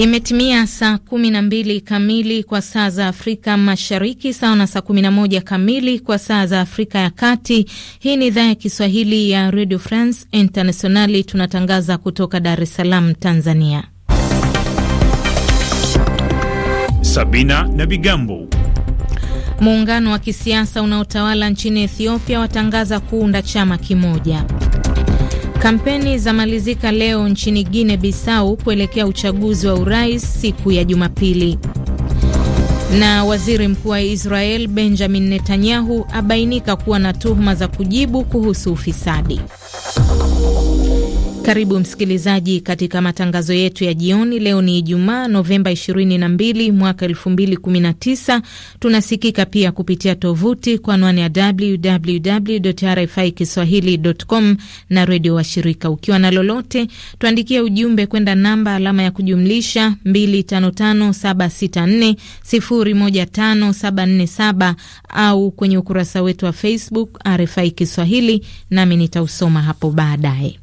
Imetimia saa kumi na mbili kamili kwa saa za Afrika Mashariki, sawa na saa kumi na moja kamili kwa saa za Afrika ya Kati. Hii ni idhaa ya Kiswahili ya Radio France Internationali, tunatangaza kutoka Dar es Salaam, Tanzania. Sabina na Bigambo. Muungano wa kisiasa unaotawala nchini Ethiopia watangaza kuunda chama kimoja. Kampeni za malizika leo nchini guine Bissau kuelekea uchaguzi wa urais siku ya Jumapili. Na waziri mkuu wa Israel Benjamin Netanyahu abainika kuwa na tuhuma za kujibu kuhusu ufisadi. Karibu msikilizaji katika matangazo yetu ya jioni. Leo ni Ijumaa, Novemba 22 mwaka 2019. Tunasikika pia kupitia tovuti kwa anwani ya www RFI kiswahili.com na redio washirika. Ukiwa na lolote, tuandikie ujumbe kwenda namba alama ya kujumlisha 255764015747 au kwenye ukurasa wetu wa Facebook RFI Kiswahili, nami nitausoma hapo baadaye.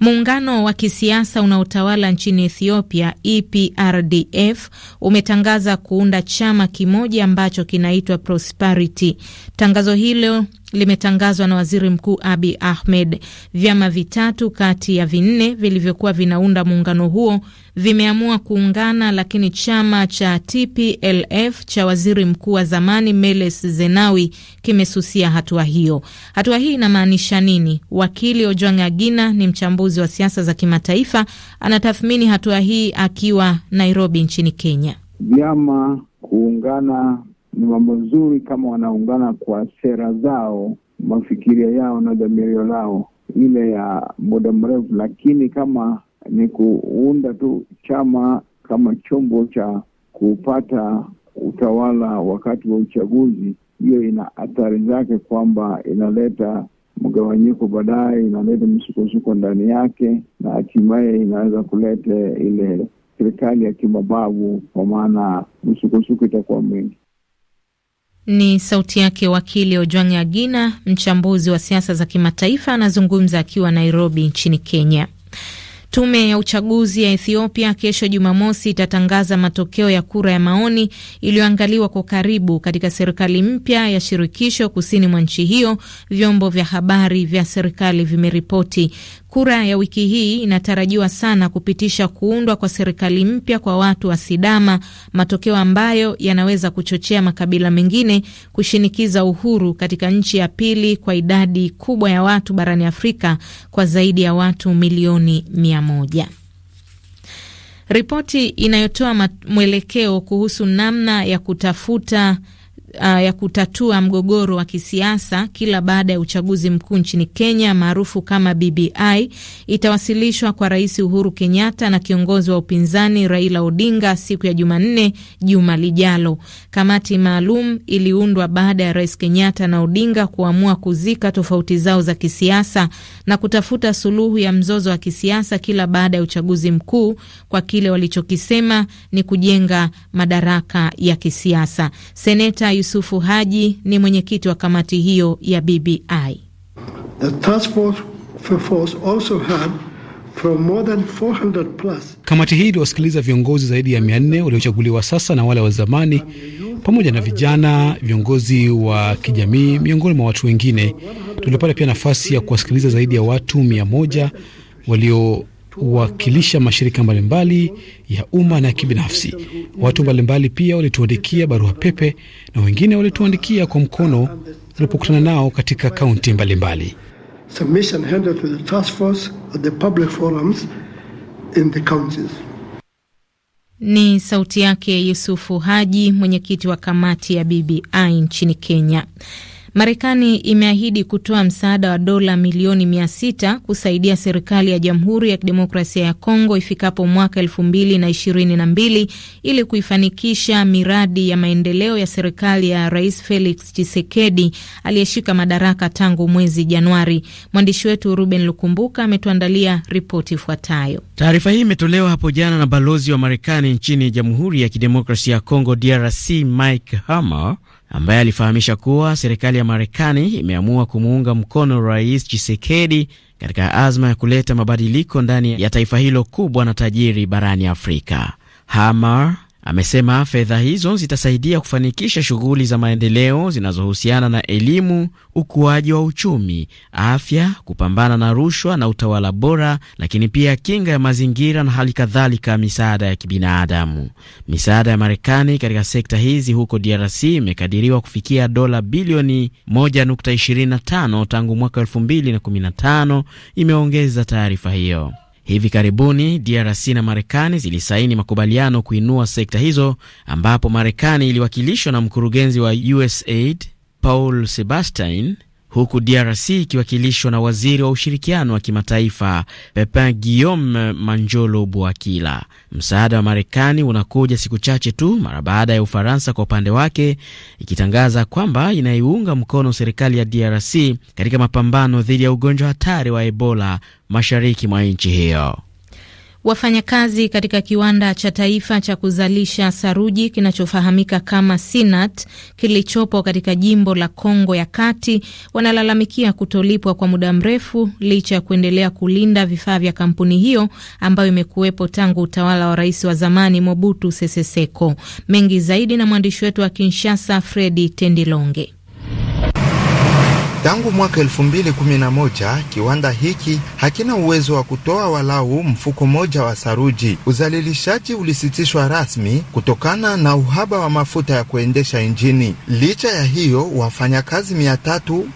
Muungano wa kisiasa unaotawala nchini Ethiopia, EPRDF, umetangaza kuunda chama kimoja ambacho kinaitwa Prosperity. Tangazo hilo limetangazwa na waziri mkuu Abi Ahmed. Vyama vitatu kati ya vinne vilivyokuwa vinaunda muungano huo vimeamua kuungana, lakini chama cha TPLF cha waziri mkuu wa zamani Meles Zenawi kimesusia hatua hiyo. Hatua hii inamaanisha nini? Wakili Ojwang Agina ni mchambuzi wa siasa za kimataifa, anatathmini hatua hii akiwa Nairobi nchini Kenya. Vyama kuungana ni mambo nzuri kama wanaungana kwa sera zao, mafikiria yao na dhamirio lao ile ya muda mrefu, lakini kama ni kuunda tu chama kama chombo cha kupata utawala wakati wa uchaguzi, hiyo ina athari zake, kwamba inaleta mgawanyiko baadaye, inaleta msukosuko ndani yake, na hatimaye inaweza kuleta ile serikali ya kimabavu, kwa maana msukosuko itakuwa mwingi. Ni sauti yake wakili Ojwang Agina, mchambuzi wa siasa za kimataifa, anazungumza akiwa Nairobi nchini Kenya. Tume ya uchaguzi ya Ethiopia kesho Jumamosi itatangaza matokeo ya kura ya maoni iliyoangaliwa kwa karibu katika serikali mpya ya shirikisho kusini mwa nchi hiyo, vyombo vya habari vya serikali vimeripoti. Kura ya wiki hii inatarajiwa sana kupitisha kuundwa kwa serikali mpya kwa watu wa Sidama, matokeo ambayo yanaweza kuchochea makabila mengine kushinikiza uhuru katika nchi ya pili kwa idadi kubwa ya watu barani Afrika kwa zaidi ya watu milioni mia moja. Ripoti inayotoa mwelekeo kuhusu namna ya kutafuta uh, ya kutatua mgogoro wa kisiasa kila baada ya uchaguzi mkuu nchini Kenya maarufu kama BBI itawasilishwa kwa Rais Uhuru Kenyatta na kiongozi wa upinzani Raila Odinga siku ya Jumanne juma lijalo. Kamati maalum iliundwa baada ya Rais Kenyatta na Odinga kuamua kuzika tofauti zao za kisiasa na kutafuta suluhu ya mzozo wa kisiasa kila baada ya uchaguzi mkuu kwa kile walichokisema ni kujenga madaraka ya kisiasa. Seneta Yusufu Haji ni mwenyekiti wa kamati hiyo ya BBI. The task force also had from more than 400 plus. Kamati hii iliwasikiliza viongozi zaidi ya 400 waliochaguliwa sasa na wale wa zamani, pamoja na vijana, viongozi wa kijamii, miongoni mwa watu wengine. Tulipata pia nafasi ya kuwasikiliza zaidi ya watu 100 walio huwakilisha mashirika mbalimbali ya umma na ya kibinafsi. Watu mbalimbali pia walituandikia barua pepe na wengine walituandikia kwa mkono tulipokutana nao katika kaunti mbalimbali. Ni sauti yake Yusufu Haji, mwenyekiti wa kamati ya BBI nchini Kenya. Marekani imeahidi kutoa msaada wa dola milioni mia sita kusaidia serikali ya Jamhuri ya Kidemokrasia ya Kongo ifikapo mwaka elfu mbili na ishirini na mbili ili kuifanikisha miradi ya maendeleo ya serikali ya Rais Felix Chisekedi aliyeshika madaraka tangu mwezi Januari. Mwandishi wetu Ruben Lukumbuka ametuandalia ripoti ifuatayo. Taarifa hii imetolewa hapo jana na balozi wa Marekani nchini Jamhuri ya Kidemokrasia ya Kongo, DRC, Mike Hammer ambaye alifahamisha kuwa serikali ya Marekani imeamua kumuunga mkono Rais chisekedi katika azma ya kuleta mabadiliko ndani ya taifa hilo kubwa na tajiri barani Afrika. Hamar Amesema fedha hizo zitasaidia kufanikisha shughuli za maendeleo zinazohusiana na elimu, ukuaji wa uchumi, afya, kupambana na rushwa na utawala bora, lakini pia kinga ya mazingira na hali kadhalika misaada ya kibinadamu. Misaada ya Marekani katika sekta hizi huko DRC imekadiriwa kufikia dola bilioni 1.25 tangu mwaka 2015, imeongeza taarifa hiyo. Hivi karibuni DRC na Marekani zilisaini makubaliano kuinua sekta hizo, ambapo Marekani iliwakilishwa na mkurugenzi wa USAID Paul Sebastian huku DRC ikiwakilishwa na waziri wa ushirikiano wa kimataifa Pepin Guillaume Manjolo Bwakila. Msaada wa Marekani unakuja siku chache tu mara baada ya Ufaransa kwa upande wake ikitangaza kwamba inaiunga mkono serikali ya DRC katika mapambano dhidi ya ugonjwa hatari wa Ebola mashariki mwa nchi hiyo. Wafanyakazi katika kiwanda cha taifa cha kuzalisha saruji kinachofahamika kama Sinat kilichopo katika jimbo la Kongo ya Kati wanalalamikia kutolipwa kwa muda mrefu licha ya kuendelea kulinda vifaa vya kampuni hiyo ambayo imekuwepo tangu utawala wa rais wa zamani Mobutu Sese Seko. Mengi zaidi na mwandishi wetu wa Kinshasa, Fredi Tendilonge. Tangu mwaka 2011 kiwanda hiki hakina uwezo wa kutoa walau mfuko moja wa saruji. Uzalilishaji ulisitishwa rasmi kutokana na uhaba wa mafuta ya kuendesha injini. Licha ya hiyo, wafanyakazi mia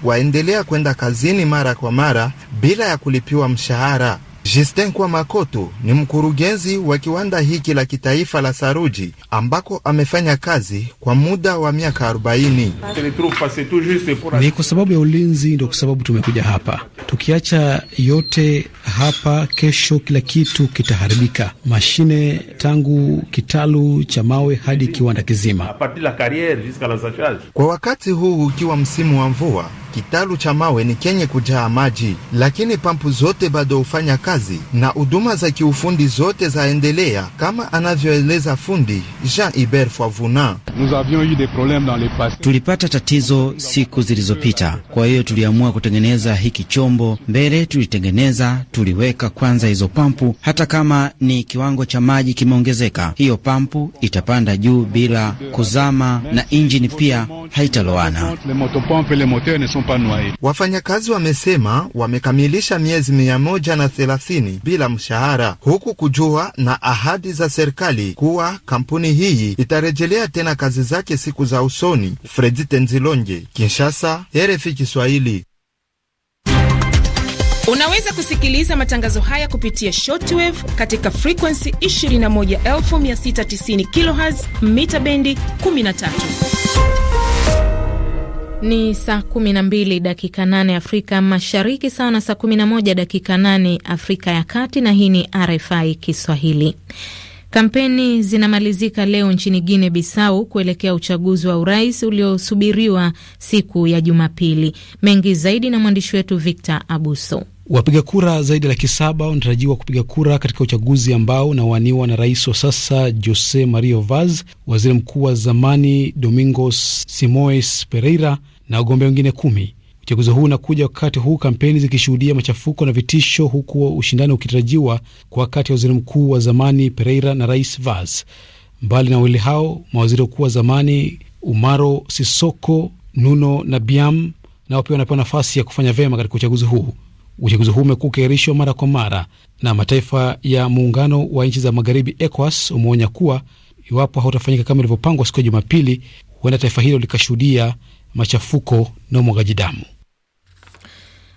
waendelea kwenda kazini mara kwa mara bila ya kulipiwa mshahara. Justin Kwa Makoto ni mkurugenzi wa kiwanda hiki la kitaifa la saruji ambako amefanya kazi kwa muda wa miaka 40. Ni kwa sababu ya ulinzi, ndio kwa sababu tumekuja hapa. Tukiacha yote hapa, kesho kila kitu kitaharibika, mashine tangu kitalu cha mawe hadi kiwanda kizima. Kwa wakati huu ukiwa msimu wa mvua, kitalu cha mawe ni kenye kujaa maji, lakini pampu zote bado hufanya kazi kazi na huduma za kiufundi zote zaendelea, kama anavyoeleza fundi Jean Ibert Favuna. Tulipata tatizo siku zilizopita, kwa hiyo tuliamua kutengeneza hiki chombo. Mbele tulitengeneza, tuliweka kwanza hizo pampu, hata kama ni kiwango cha maji kimeongezeka, hiyo pampu itapanda juu bila kuzama na injini pia haitalowana. Wafanyakazi wamesema wamekamilisha miezi mia moja na thelathini thelathini bila mshahara, huku kujua na ahadi za serikali kuwa kampuni hii itarejelea tena kazi zake siku za usoni. Fredi Tenzilonge, Kinshasa, RFI Kiswahili. Unaweza kusikiliza matangazo haya kupitia shortwave katika frekuensi 21690 kHz mita bendi 13. Ni saa kumi na mbili dakika nane Afrika Mashariki, sawa na saa kumi na moja dakika nane Afrika ya Kati, na hii ni RFI Kiswahili. Kampeni zinamalizika leo nchini Guinea Bissau kuelekea uchaguzi wa urais uliosubiriwa siku ya Jumapili. Mengi zaidi na mwandishi wetu Victor Abuso. Wapiga kura zaidi ya laki saba wanatarajiwa kupiga kura katika uchaguzi ambao unawaniwa na rais wa sasa Jose Mario Vaz, waziri mkuu wa zamani Domingos Simoes Pereira na wagombea wengine kumi. Uchaguzi huu unakuja wakati huu kampeni zikishuhudia machafuko na vitisho, huku ushindani ukitarajiwa kwa wakati ya waziri mkuu wa zamani Pereira na rais Vaz. Mbali na wawili hao, mawaziri wakuu wa zamani Umaro Sisoko, Nuno na Biam nao pia wanapewa nafasi ya kufanya vyema katika uchaguzi huu. Uchaguzi huu umekuwa ukiahirishwa mara kwa mara, na mataifa ya muungano wa nchi za magharibi ECOWAS umeonya kuwa iwapo hautafanyika kama ilivyopangwa siku ya Jumapili, huenda taifa hilo likashuhudia machafuko na umwagaji damu.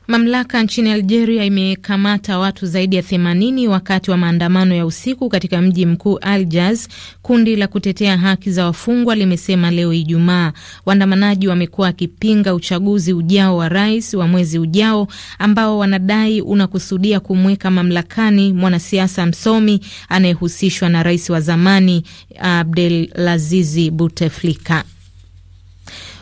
Mamlaka nchini Algeria imekamata watu zaidi ya 80 wakati wa maandamano ya usiku katika mji mkuu Aljaz. Kundi la kutetea haki za wafungwa limesema leo Ijumaa waandamanaji wamekuwa wakipinga uchaguzi ujao wa rais wa mwezi ujao ambao wanadai unakusudia kumweka mamlakani mwanasiasa msomi anayehusishwa na rais wa zamani Abdelaziz Bouteflika.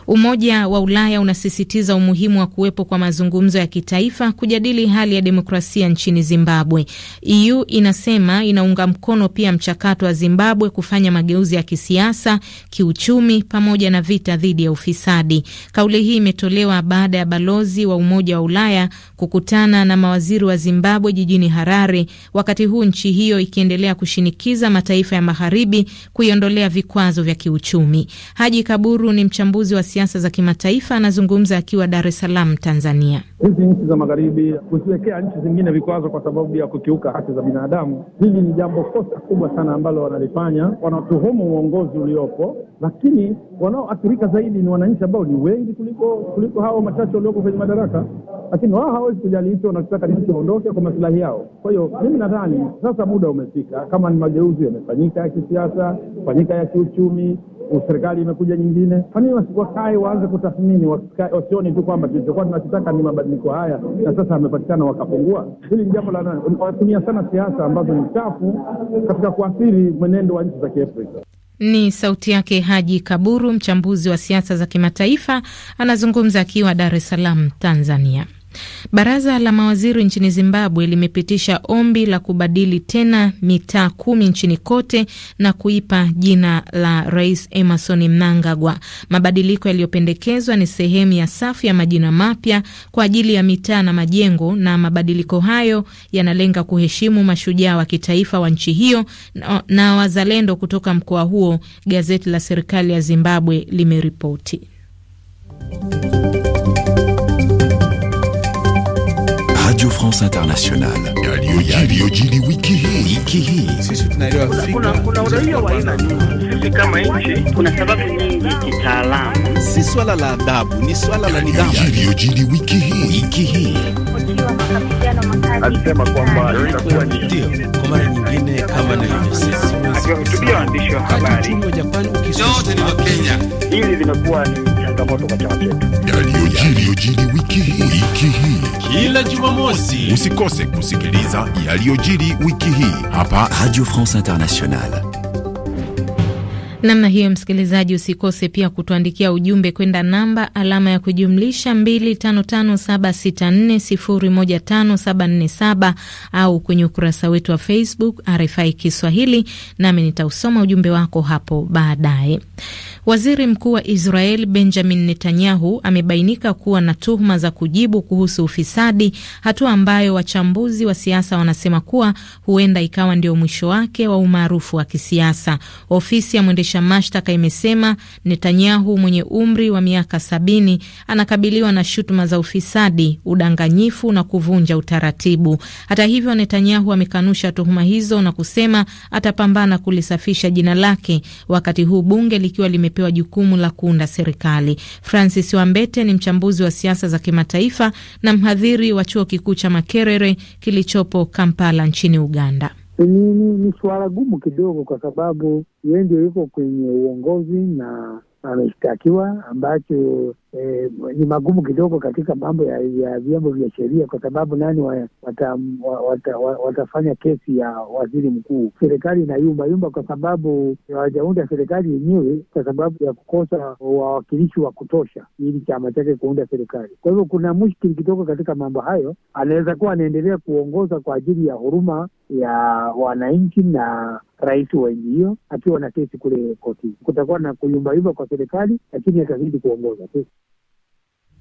Umoja wa Ulaya unasisitiza umuhimu wa kuwepo kwa mazungumzo ya kitaifa kujadili hali ya demokrasia nchini Zimbabwe. EU inasema inaunga mkono pia mchakato wa Zimbabwe kufanya mageuzi ya kisiasa, kiuchumi pamoja na vita dhidi ya ufisadi. Kauli hii imetolewa baada ya balozi wa Umoja wa Ulaya kukutana na mawaziri wa Zimbabwe jijini Harare, wakati huu nchi hiyo ikiendelea kushinikiza mataifa ya magharibi kuiondolea vikwazo vya kiuchumi. Haji Kaburu ni mchambuzi wa siasa za kimataifa anazungumza akiwa Dar es Salaam, Tanzania. Hizi nchi za magharibi kuziwekea nchi zingine vikwazo kwa sababu ya kukiuka haki za binadamu, hili ni jambo kosa kubwa sana ambalo wanalifanya. Wanatuhumu uongozi uliopo, lakini wanaoathirika zaidi ni wananchi ambao ni wengi kuliko kuliko hao machache walioko kwenye madaraka, lakini wao hawawezi kujali hicho, wanataka nchi waondoke kwa masilahi yao. Kwa hiyo mimi nadhani sasa muda umefika, kama ni mageuzi yamefanyika ya kisiasa, fanyika ya kiuchumi Eh, serikali imekuja nyingine. Kwa nini wasikae waanze kutathmini, wasione tu kwamba kilichokuwa tunakitaka ni mabadiliko haya na sasa amepatikana wakapungua? Hili ni jambo la nani? Wanatumia sana siasa ambazo ni chafu katika kuathiri mwenendo wa nchi za Kiafrika. Ni sauti yake Haji Kaburu, mchambuzi wa siasa za kimataifa, anazungumza akiwa Dar es Salaam, Tanzania. Baraza la mawaziri nchini Zimbabwe limepitisha ombi la kubadili tena mitaa kumi nchini kote na kuipa jina la Rais Emerson Mnangagwa. Mabadiliko yaliyopendekezwa ni sehemu ya safu ya majina mapya kwa ajili ya mitaa na majengo, na mabadiliko hayo yanalenga kuheshimu mashujaa wa kitaifa wa nchi hiyo na, na wazalendo kutoka mkoa huo, gazeti la serikali ya Zimbabwe limeripoti. France Internationale. Si swala la adabu, ni swala la nidhamu. Yaliyojiri wiki hii. kwa mara nyingine kama na Akiwahutubia wa Yote ni wa Kenya. Hili linakuwa ni changamoto kwa chama chetu. Yaliyojiri wiki hii kila Jumamosi, usikose kusikiliza yaliyojiri wiki hii hapa Radio France Internationale. Namna hiyo, msikilizaji, usikose pia kutuandikia ujumbe kwenda namba alama ya kujumlisha 255764015747 au kwenye ukurasa wetu wa Facebook RFI Kiswahili, nami nitausoma ujumbe wako hapo baadaye. Waziri mkuu wa Israel Benjamin Netanyahu amebainika kuwa na tuhuma za kujibu kuhusu ufisadi, hatua ambayo wachambuzi wa siasa wanasema kuwa huenda ikawa ndio mwisho wake wa umaarufu wa kisiasa. Ofisi ya mwendesha mashtaka imesema Netanyahu mwenye umri wa miaka sabini anakabiliwa na shutuma za ufisadi, udanganyifu na kuvunja utaratibu. Hata hivyo, Netanyahu amekanusha tuhuma hizo na kusema atapambana kulisafisha jina lake, wakati huu bunge likiwa lime alipewa jukumu la kuunda serikali. Francis Wambete ni mchambuzi wa siasa za kimataifa na mhadhiri wa chuo kikuu cha Makerere kilichopo Kampala nchini Uganda. Ni, ni, ni suala gumu kidogo kwa sababu yeye ndio yuko kwenye uongozi na ameshtakiwa ambacho eh, ni magumu kidogo katika mambo ya, ya vyombo vya sheria, kwa sababu nani wa, wata, wata, watafanya kesi ya waziri mkuu? Serikali inayumbayumba kwa sababu hawajaunda serikali yenyewe, kwa sababu ya kukosa wawakilishi wa kutosha ili chama chake kuunda serikali. Kwa hivyo kuna mushkili kidogo katika mambo hayo. Anaweza kuwa anaendelea kuongoza kwa ajili ya huruma ya wananchi na rais wa nchi hiyo akiwa kukiwa na kesi kule koti, kutakuwa na kuyumbayumba kwa serikali, lakini atazidi kuongoza tu.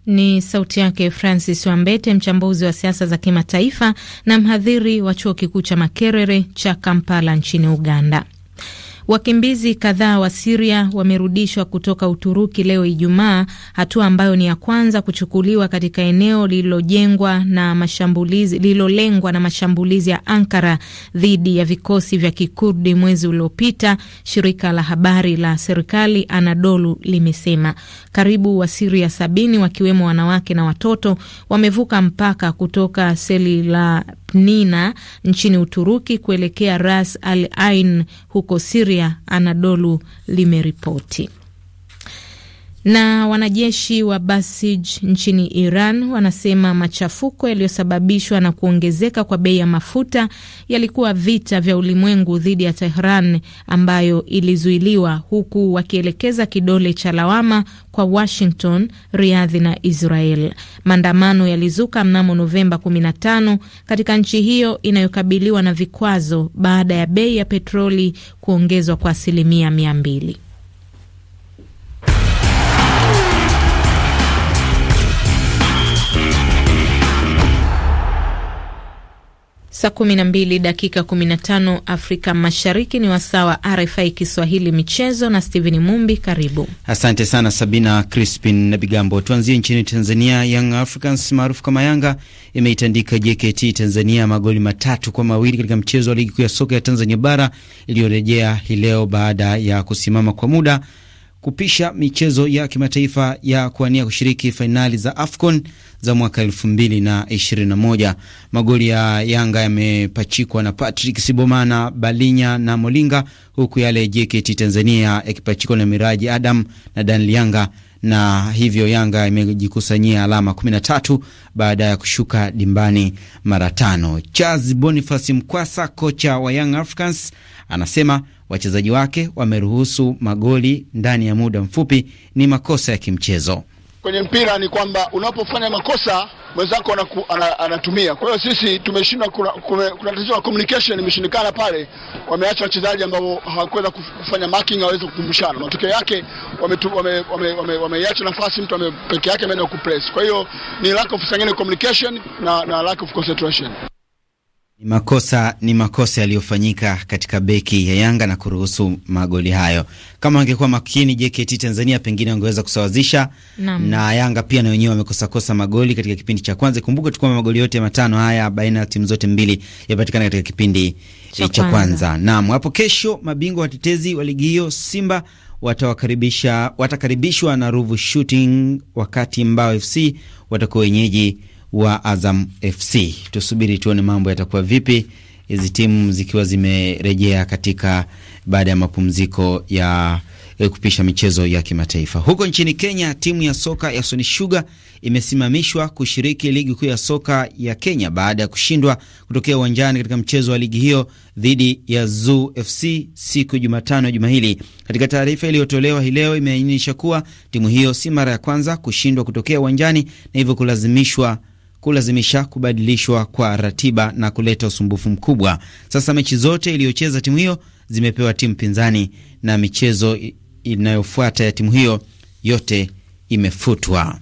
Ni sauti yake Francis Wambete, mchambuzi wa siasa za kimataifa na mhadhiri wa chuo kikuu cha Makerere cha Kampala nchini Uganda. Wakimbizi kadhaa wa Siria wamerudishwa kutoka Uturuki leo Ijumaa, hatua ambayo ni ya kwanza kuchukuliwa katika eneo lililojengwa na mashambulizi lililolengwa na mashambulizi ya Ankara dhidi ya vikosi vya Kikurdi mwezi uliopita, shirika la habari la serikali Anadolu limesema. Karibu Wasiria sabini wakiwemo wanawake na watoto wamevuka mpaka kutoka seli la Nina nchini Uturuki kuelekea Ras Al Ain huko Siria, Anadolu limeripoti. Na wanajeshi wa Basij nchini Iran wanasema machafuko yaliyosababishwa na kuongezeka kwa bei ya mafuta yalikuwa vita vya ulimwengu dhidi ya Tehran ambayo ilizuiliwa, huku wakielekeza kidole cha lawama kwa Washington, Riadhi na Israel. Maandamano yalizuka mnamo Novemba 15 katika nchi hiyo inayokabiliwa na vikwazo baada ya bei ya petroli kuongezwa kwa asilimia 200. Saa 12 dakika 15 Afrika Mashariki ni wasaa wa RFI Kiswahili michezo na Steven Mumbi. Karibu. Asante sana Sabina Crispin na Bigambo. Tuanzie nchini Tanzania. Young Africans maarufu kama Yanga imeitandika JKT Tanzania magoli matatu kwa mawili katika mchezo wa ligi kuu ya soka ya Tanzania bara iliyorejea hii leo baada ya kusimama kwa muda kupisha michezo ya kimataifa ya kuania kushiriki fainali za AFCON za mwaka moja. Magoli ya Yanga yamepachikwa na Patrick Sibomana, Balinya na Molinga, huku yale JKT Tanzania yakipachikwa na Miraji Adam na Dan Yanga, na hivyo Yanga imejikusanyia alama 13 baada ya kushuka dimbani mara tano. Charles Boniface Mkwasa, kocha wa Young Africans Anasema wachezaji wake wameruhusu magoli ndani ya muda mfupi, ni makosa ya kimchezo. Kwenye mpira ni kwamba unapofanya makosa mwenzako anatumia. Kwa hiyo sisi tumeshindwa, kuna, tatizo la communication imeshindikana pale. Wameacha wachezaji ambao hawakuweza kufanya marking, hawawezi kukumbushana. Matokeo yake wameiacha wame, wame, wame, nafasi mtu peke yake ameenda kupress. Kwa hiyo ni lack of sangene communication na, na lack of concentration. Ni makosa ni makosa yaliyofanyika katika beki ya Yanga na kuruhusu magoli hayo. Kama angekuwa makini JKT Tanzania pengine wangeweza kusawazisha na, na Yanga pia na wenyewe wamekosakosa magoli katika kipindi cha kwanza. Kumbuka tu kwamba magoli yote matano haya baina ya timu zote mbili yapatikana katika kipindi cha kwanza. Naam, hapo kesho mabingwa watetezi wa ligi hiyo Simba watawakaribisha watakaribishwa na Ruvu Shooting wakati Mbao FC watakuwa wenyeji wa Azam FC. Tusubiri tuone mambo yatakuwa vipi, hizi timu zikiwa zimerejea katika baada ya mapumziko ya eh, kupisha michezo ya kimataifa. Huko nchini Kenya, timu ya soka ya Sony Sugar imesimamishwa kushiriki ligi kuu ya soka ya Kenya baada ya kushindwa kutokea uwanjani katika mchezo wa ligi hiyo dhidi ya Zoo FC siku Jumatano ya juma hili. Katika taarifa iliyotolewa hii leo, imeainisha kuwa timu hiyo si mara ya kwanza kushindwa kutokea uwanjani na hivyo kulazimishwa kulazimisha kubadilishwa kwa ratiba na kuleta usumbufu mkubwa. Sasa mechi zote iliyocheza timu hiyo zimepewa timu pinzani na michezo inayofuata ya timu hiyo yote imefutwa.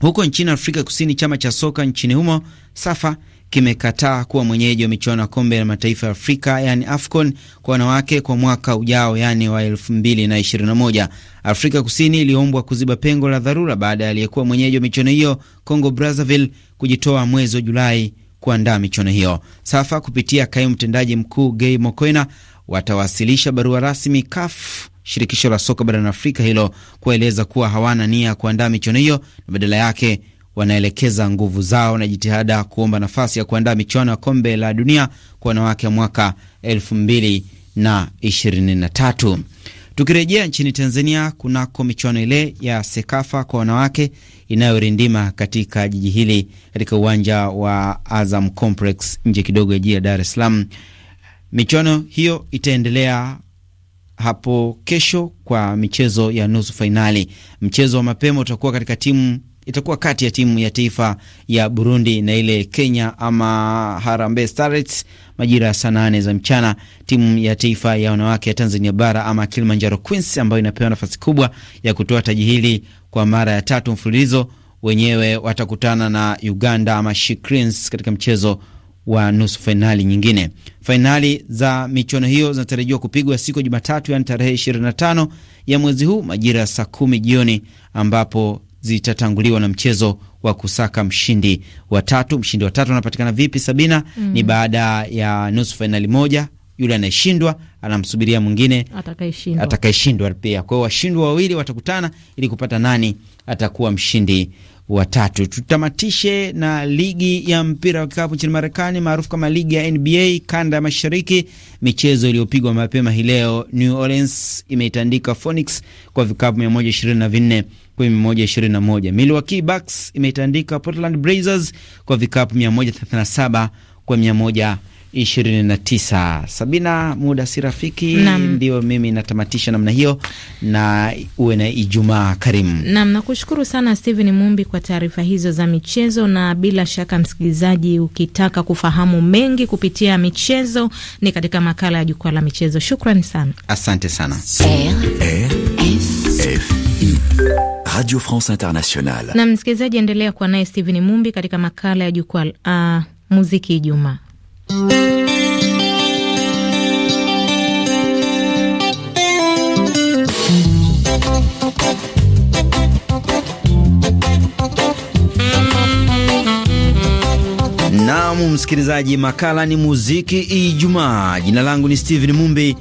Huko nchini Afrika Kusini, chama cha soka nchini humo SAFA kimekataa kuwa mwenyeji wa michuano ya kombe la mataifa ya Afrika yani AFCON kwa wanawake kwa mwaka ujao yani wa 2021. Afrika Kusini iliombwa kuziba pengo la dharura baada ya aliyekuwa mwenyeji wa michuano hiyo Congo Brazzaville kujitoa mwezi wa Julai kuandaa michuano hiyo. Safa kupitia kaimu mtendaji mkuu Gay Mokoena watawasilisha barua rasmi CAF, shirikisho la soka barani Afrika hilo, kuwaeleza kuwa hawana nia ya kuandaa michuano hiyo na badala yake wanaelekeza nguvu zao na jitihada kuomba nafasi ya kuandaa michuano ya kombe la dunia kwa wanawake wa mwaka 2023. Tukirejea nchini Tanzania, kunako michuano ile ya SEKAFA kwa wanawake inayorindima katika jiji hili katika uwanja wa Azam Complex nje kidogo ya jiji la Dar es Salaam. Michuano hiyo itaendelea hapo kesho kwa michezo ya nusu fainali. Mchezo wa mapema utakuwa katika timu itakuwa kati ya timu ya taifa ya Burundi na ile Kenya ama Harambee Starlets majira ya saa nane za mchana, timu ya taifa ya wanawake ya Tanzania bara ama Kilimanjaro Queens ambayo inapewa nafasi kubwa ya kutoa taji hili kwa mara ya tatu mfululizo, wenyewe watakutana na Uganda ama She Cranes katika mchezo wa nusu fainali nyingine. Fainali za michuano hiyo zinatarajiwa kupigwa siku ya Jumatatu, yaani tarehe 25 ya mwezi huu majira ya saa kumi jioni ambapo zitatanguliwa na mchezo wa kusaka mshindi wa tatu. Mshindi wa tatu anapatikana vipi, Sabina? Mm. Ni baada ya nusu fainali moja yule anayeshindwa anamsubiria mwingine atakayeshindwa pia. Kwa hiyo washindwa wawili watakutana ili kupata nani atakuwa mshindi wa tatu. Tutamatishe na ligi ya mpira wa kikapu nchini Marekani maarufu kama ligi ya NBA kanda ya mashariki. Michezo iliyopigwa mapema hii leo, New Orleans imeitandika Phoenix kwa vikapu 124 1121. Milwaukee Bucks imetandika Portland Blazers kwa vikapu 137 kwa 129. Sabina, muda si rafiki, ndio mimi natamatisha namna hiyo, na uwe na Ijumaa karimu. Naam, nakushukuru sana Steven Mumbi kwa taarifa hizo za michezo, na bila shaka msikilizaji, ukitaka kufahamu mengi kupitia michezo ni katika makala ya jukwaa la michezo. Shukrani sana, asante sana. RFI Radio France Internationale. Na msikilizaji, endelea kuwa naye Steven Mumbi katika makala ya jukwaa uh, muziki Ijumaa. Naam msikilizaji, makala ni muziki Ijumaa. Jina langu ni Steven Mumbi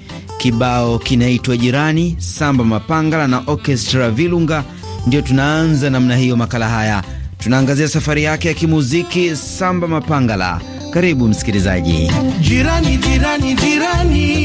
Kibao kinaitwa Jirani, Samba Mapangala na Orchestra Vilunga. Ndio tunaanza namna hiyo makala haya, tunaangazia safari yake ya kimuziki Samba Mapangala. Karibu msikilizaji. Jirani, jirani, jirani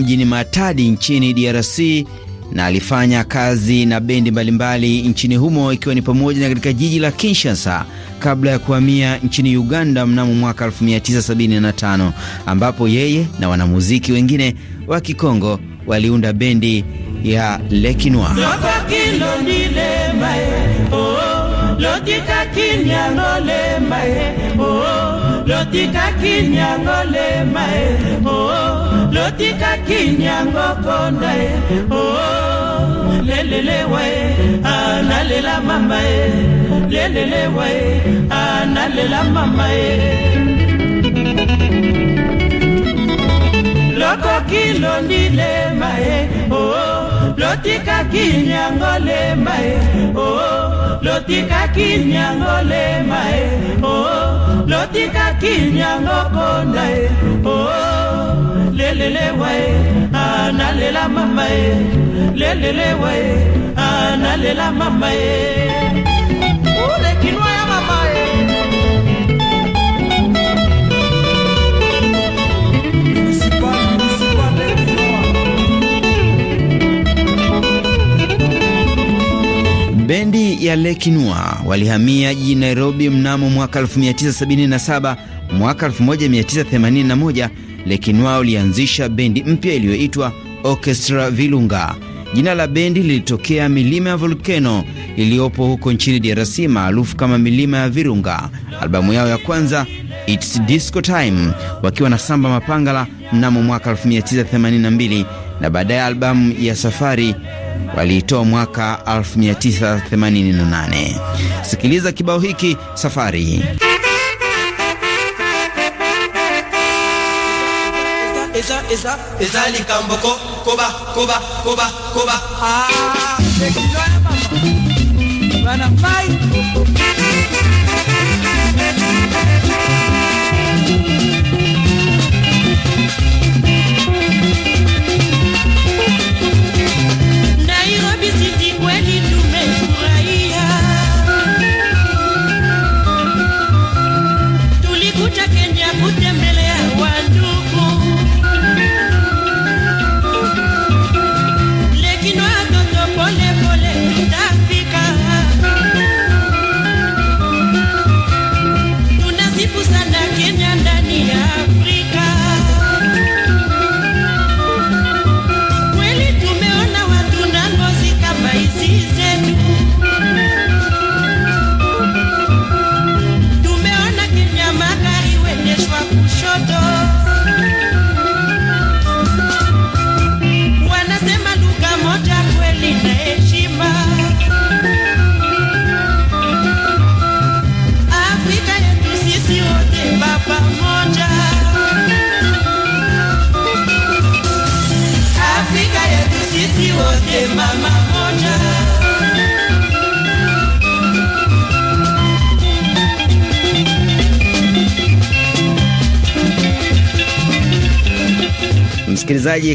mjini Matadi nchini DRC na alifanya kazi na bendi mbalimbali nchini humo ikiwa ni pamoja na katika jiji la Kinshasa kabla ya kuhamia nchini Uganda mnamo mwaka 1975 ambapo yeye na wanamuziki wengine wa Kikongo waliunda bendi ya oh, lotikaki nyango na ye oo oh, lelelewa ye analela mama ye lelelewa ye analela mama ye okoki londi lema ye oo oh, lotikaki nyango lema ye oo oh, lotikaki nyango lema ye oo oh, lotikaki nyango konda ye oo lelelewa ye analela mama ye lelelewa ye analela mama ye ya ya Nua walihamia jijini Nairobi mnamo mwaka 1977. Mwaka 1981 Nua ulianzisha bendi mpya iliyoitwa Orchestra Virunga. Jina la bendi lilitokea milima ya volkeno iliyopo huko nchini DRC maarufu kama milima ya Virunga. Albamu yao ya kwanza It's Disco Time wakiwa na Samba Mapangala mnamo mwaka 1982 na baadaye albamu ya Safari waliitoa mwaka 1988. Sikiliza kibao hiki Safari. Eza, eza, eza ah,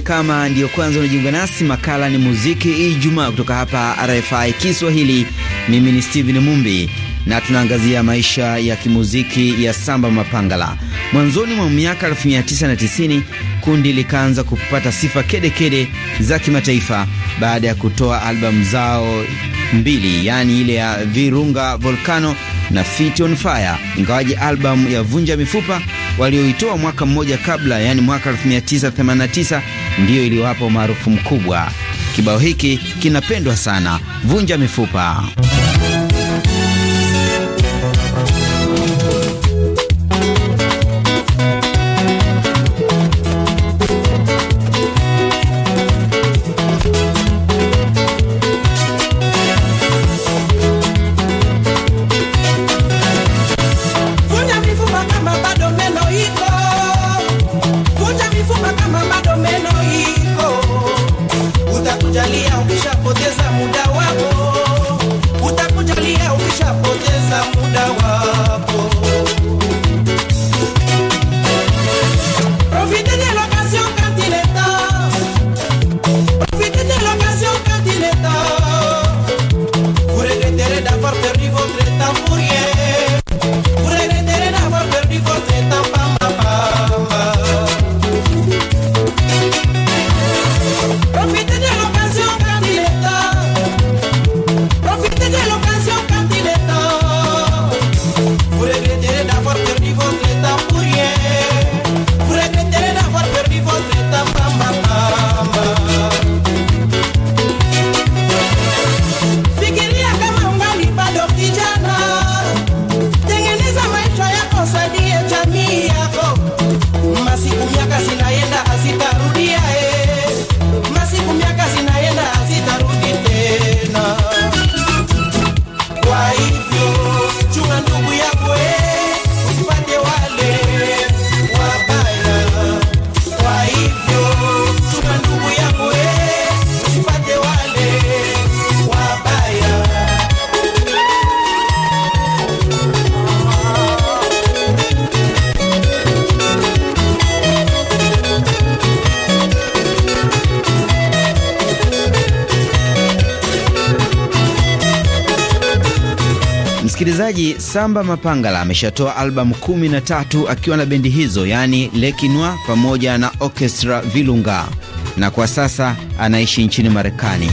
kama ndiyo kwanza unajiunga nasi, makala ni muziki Ijumaa kutoka hapa RFI Kiswahili. Mimi ni Steven Mumbi na tunaangazia maisha ya kimuziki ya Samba Mapangala. Mwanzoni mwa miaka 1990 kundi likaanza kupata sifa kedekede kede za kimataifa baada ya kutoa albamu zao mbili, yaani ile ya Virunga Volcano na Fit on Fire, ingawaji albamu ya Vunja Mifupa walioitoa mwaka mmoja kabla, yaani mwaka 1989 ndiyo iliyowapa umaarufu mkubwa. Kibao hiki kinapendwa sana, vunja mifupa. Msikilizaji, Samba Mapangala ameshatoa albamu 13 akiwa na bendi hizo, yaani Lekinwa pamoja na Orchestra vilunga na kwa sasa anaishi nchini Marekani.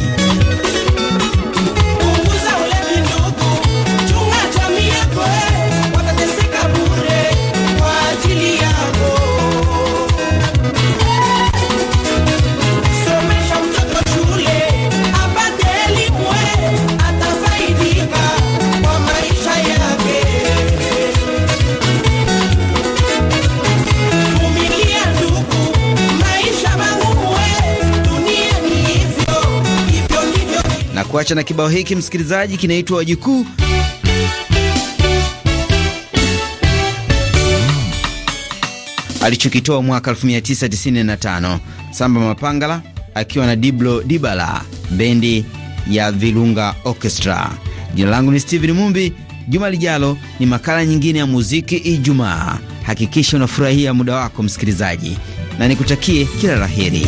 kuacha na kibao hiki msikilizaji, kinaitwa Wajukuu. Hmm. alichokitoa mwaka 1995 Samba Mapangala akiwa na Diblo Dibala, bendi ya Virunga Orchestra. Jina langu ni Steven Mumbi. Juma lijalo ni makala nyingine ya muziki Ijumaa. Hakikisha unafurahia muda wako msikilizaji, na nikutakie kila la heri.